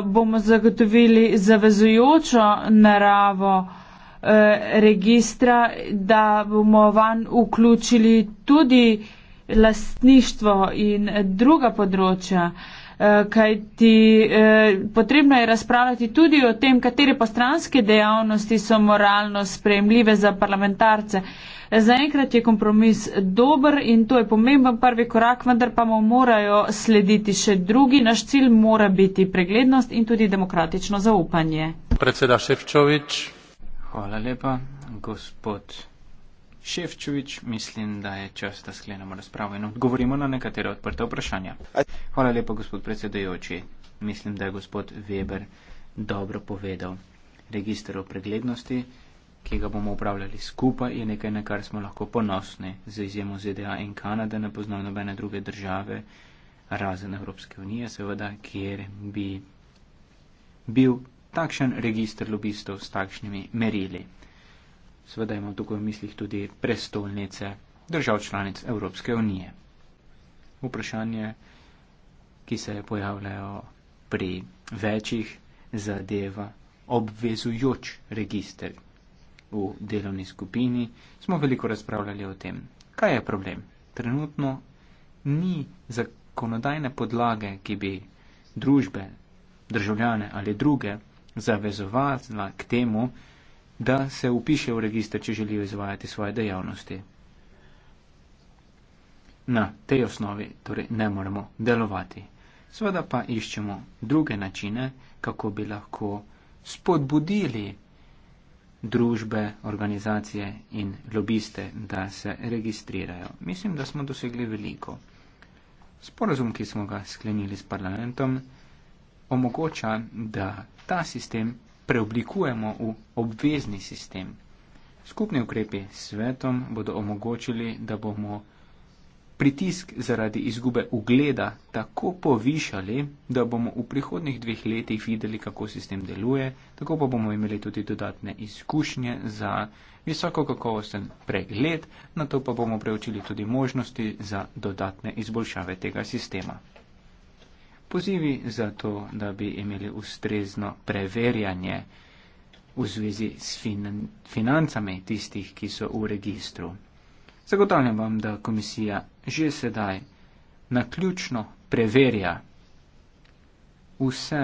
bomo zagotovili zavezujočo naravo uh, Eh, registra, da bomo van vključili tudi lastništvo in druga področja, eh, kaj ti eh, potrebno je razpravljati tudi o tem, katere postranske dejavnosti so moralno sprejemljive za parlamentarce. Zaenkrat je kompromis dober in to je pomemben prvi korak, vendar pa mu morajo slediti še drugi. Naš cilj mora biti preglednost in tudi demokratično zaupanje. Predseda Ševčovič. Hvala lepa. Gospod Ševčevič, mislim, da je čas, da sklenemo razpravo in odgovorimo na nekatere odprte vprašanja. Hvala lepa, gospod predsedujoči. Mislim, da je gospod Weber dobro povedal. Registr o preglednosti, ki ga bomo upravljali skupaj, je nekaj, na kar smo lahko ponosni. Za izjemo ZDA in Kanade ne poznam nobene druge države, razen Evropske unije, seveda, kjer bi bil takšen registr lobistov s takšnimi merili. Sveda imam tukaj v mislih tudi prestolnice držav članic Evropske unije. Vprašanje, ki se je pojavljajo pri večjih zadeva obvezujoč registr v delovni skupini, smo veliko razpravljali o tem, kaj je problem. Trenutno ni zakonodajne podlage, ki bi družbe, državljane ali druge zavezovala k temu, da se upiše v register, če želijo izvajati svoje dejavnosti. Na tej osnovi torej ne moremo delovati. Sveda pa iščemo druge načine, kako bi lahko spodbudili družbe, organizacije in lobiste, da se registrirajo. Mislim, da smo dosegli veliko. Sporazum, ki smo ga sklenili s parlamentom, omogoča, da ta sistem preoblikujemo v obvezni sistem. Skupni ukrepi s svetom bodo omogočili, da bomo pritisk zaradi izgube ugleda tako povišali, da bomo v prihodnih dveh letih videli, kako sistem deluje, tako pa bomo imeli tudi dodatne izkušnje za visoko kakovosten pregled, na to pa bomo preučili tudi možnosti za dodatne izboljšave tega sistema pozivi za to, da bi imeli ustrezno preverjanje v zvezi s fin financami tistih, ki so v registru. Zagotavljam vam, da komisija že sedaj naključno preverja vse,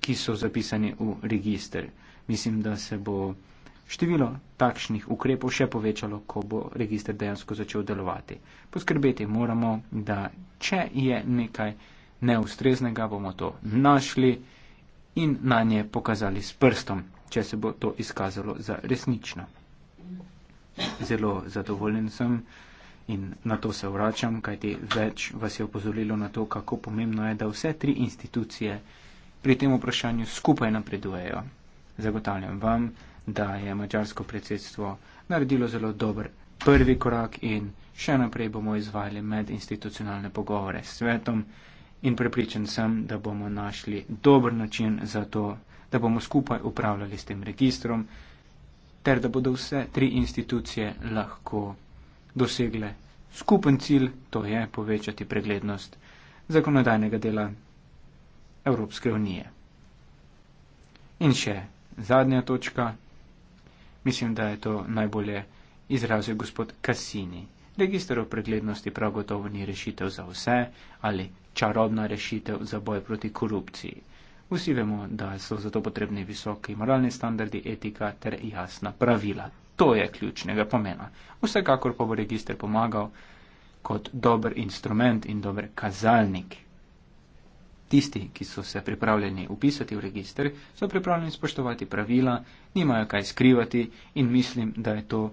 ki so zapisani v registr. Mislim, da se bo število takšnih ukrepov še povečalo, ko bo registr dejansko začel delovati. Poskrbeti moramo, da če je nekaj, neustreznega, bomo to našli in na nje pokazali s prstom, če se bo to izkazalo za resnično. Zelo zadovoljen sem in na to se vračam, kajti več vas je opozorilo na to, kako pomembno je, da vse tri institucije pri tem vprašanju skupaj napredujejo. Zagotavljam vam, da je mačarsko predsedstvo naredilo zelo dober prvi korak in še naprej bomo izvajali medinstitucionalne pogovore s svetom in prepričan sem, da bomo našli dober način za to, da bomo skupaj upravljali s tem registrom, ter da bodo vse tri institucije lahko dosegle skupen cilj, to je povečati preglednost zakonodajnega dela Evropske unije. In še zadnja točka, mislim, da je to najbolje izrazil gospod Cassini. Registr o preglednosti prav gotovo ni rešitev za vse ali čarobna rešitev za boj proti korupciji. Vsi vemo, da so zato potrebni visoki moralni standardi, etika ter jasna pravila. To je ključnega pomena. Vsekakor pa bo registr pomagal kot dober instrument in dober kazalnik. Tisti, ki so se pripravljeni upisati v registr, so pripravljeni spoštovati pravila, nimajo kaj skrivati in mislim, da je to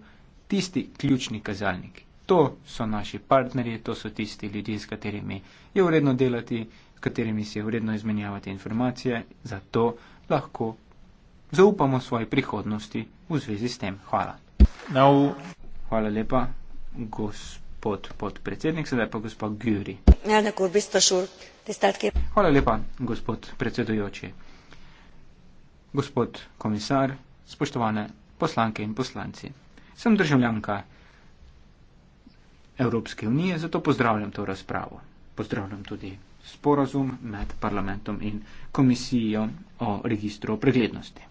tisti ključni kazalnik to so naši partnerji, to so tisti ljudje, s katerimi je vredno delati, s katerimi si je vredno izmenjavati informacije, zato lahko zaupamo svoji prihodnosti v zvezi s tem. Hvala. Now. Hvala lepa, gospod podpredsednik, sedaj pa gospod Guri. Hvala lepa, gospod predsedujoči. Gospod komisar, spoštovane poslanke in poslanci, sem državljanka. Ja. Evropske unije, zato pozdravljam to razpravo. Pozdravljam tudi sporozum med parlamentom in komisijo o registru preglednosti.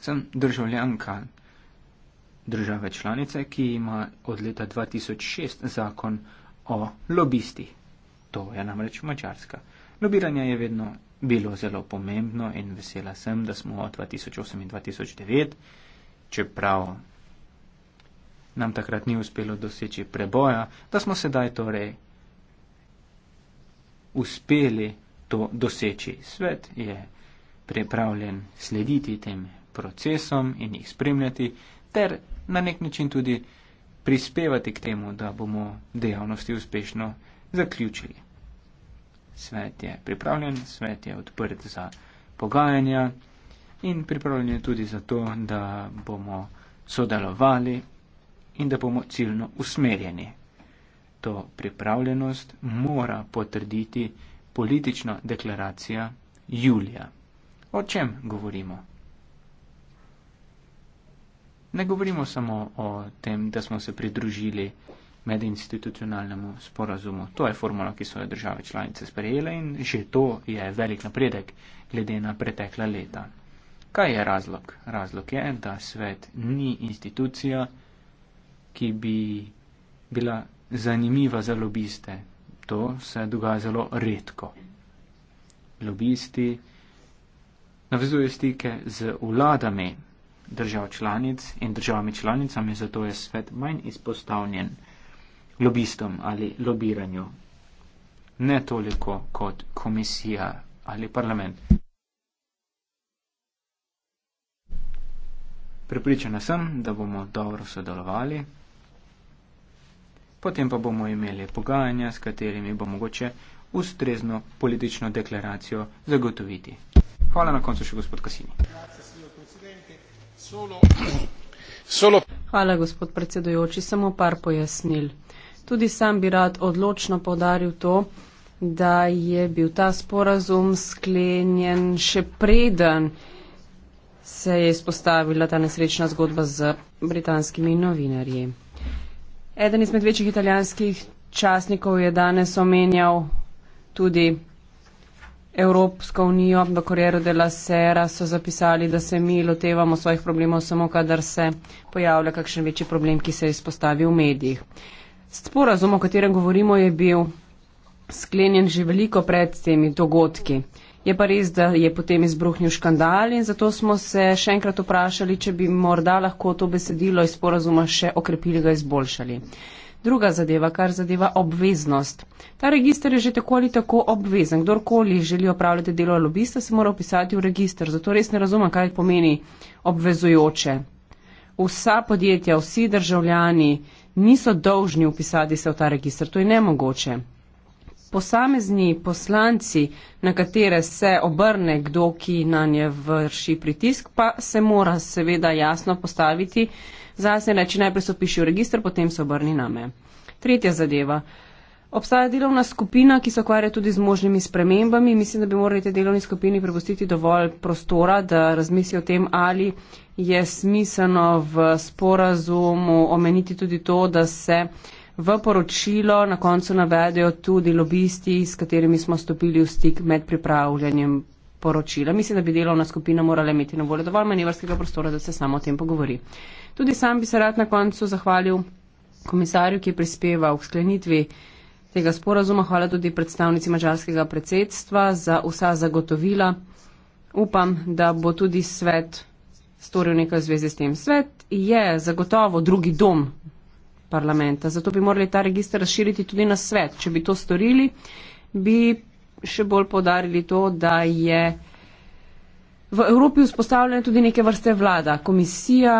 Sem državljanka države članice, ki ima od leta 2006 zakon o lobistih. To je namreč Mačarska. Lobiranje je vedno bilo zelo pomembno in vesela sem, da smo od 2008 in 2009, čeprav nam takrat ni uspelo doseči preboja, da smo sedaj torej uspeli to doseči. Svet je pripravljen slediti tem procesom in jih spremljati ter na nek način tudi prispevati k temu, da bomo dejavnosti uspešno zaključili. Svet je pripravljen, svet je odprt za pogajanja in pripravljen je tudi za to, da bomo sodelovali in da bomo ciljno usmerjeni. To pripravljenost mora potrditi politična deklaracija Julija. O čem govorimo? Ne govorimo samo o tem, da smo se pridružili medinstitucionalnemu sporazumu. To je formula, ki so jo države članice sprejele in že to je velik napredek glede na pretekla leta. Kaj je razlog? Razlog je, da svet ni institucija, ki bi bila zanimiva za lobiste. To se dogaja zelo redko. Lobisti navezujejo stike z vladami držav članic in državami članicami, zato je svet manj izpostavljen lobistom ali lobiranju. Ne toliko kot komisija ali parlament. Pripričana sem, da bomo dobro sodelovali potem pa bomo imeli pogajanja, s katerimi bo mogoče ustrezno politično deklaracijo zagotoviti. Hvala na koncu še gospod Kasini. Hvala gospod predsedujoči, samo par pojasnil. Tudi sam bi rad odločno podaril to, da je bil ta sporazum sklenjen še preden se je izpostavila ta nesrečna zgodba z britanskimi novinarji. Eden izmed večjih italijanskih časnikov je danes omenjal tudi Evropsko unijo. Do Corriere della Sera so zapisali, da se mi lotevamo svojih problemov samo, kadar se pojavlja kakšen večji problem, ki se je izpostavil v medijih. Sporazum, o katerem govorimo, je bil sklenjen že veliko pred temi dogodki. Je pa res, da je potem izbruhnil škandal in zato smo se še enkrat vprašali, če bi morda lahko to besedilo iz sporazuma še okrepili in izboljšali. Druga zadeva, kar zadeva obveznost. Ta registr je že tako ali tako obvezen. Kdorkoli želi opravljati delo lobista, se mora upisati v registr. Zato res ne razumem, kaj pomeni obvezujoče. Vsa podjetja, vsi državljani niso dolžni upisati se v ta registr. To je nemogoče posamezni poslanci, na katere se obrne kdo, ki na nje vrši pritisk, pa se mora seveda jasno postaviti zase in reči najprej se opiši v registr, potem se obrni na me. Tretja zadeva. Obstaja delovna skupina, ki se ukvarja tudi z možnimi spremembami. Mislim, da bi morali te delovni skupini prepustiti dovolj prostora, da razmisli o tem, ali je smiselno v sporazumu omeniti tudi to, da se V poročilo na koncu navedejo tudi lobisti, s katerimi smo stopili v stik med pripravljanjem poročila. Mislim, da bi delovna skupina morala imeti na voljo dovolj manevrskega prostora, da se samo o tem pogovori. Tudi sam bi se rad na koncu zahvalil komisarju, ki je prispeval k sklenitvi tega sporazuma. Hvala tudi predstavnici mačarskega predsedstva za vsa zagotovila. Upam, da bo tudi svet storil nekaj v zvezi s tem. Svet je zagotovo drugi dom parlamenta. Zato bi morali ta registr razširiti tudi na svet. Če bi to storili, bi še bolj podarili to, da je v Evropi vzpostavljena tudi neke vrste vlada, komisija,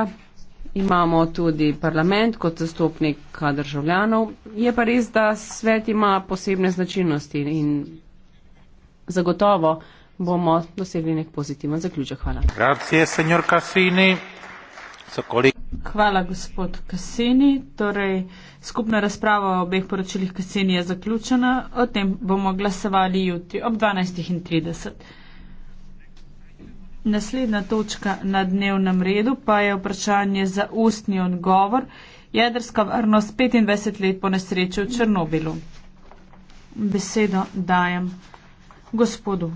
imamo tudi parlament kot zastopnika državljanov. Je pa res, da svet ima posebne značilnosti in zagotovo bomo dosegli nek pozitiven zaključek. Hvala. Grazie, Hvala, gospod Kaseni. Torej, skupna razprava o obeh poročilih Kaseni je zaključena. O tem bomo glasovali jutri ob 12.30. Naslednja točka na dnevnem redu pa je vprašanje za ustni odgovor. Jedrska varnost 25 let po nesreči v Črnobilu. Besedo dajem gospodu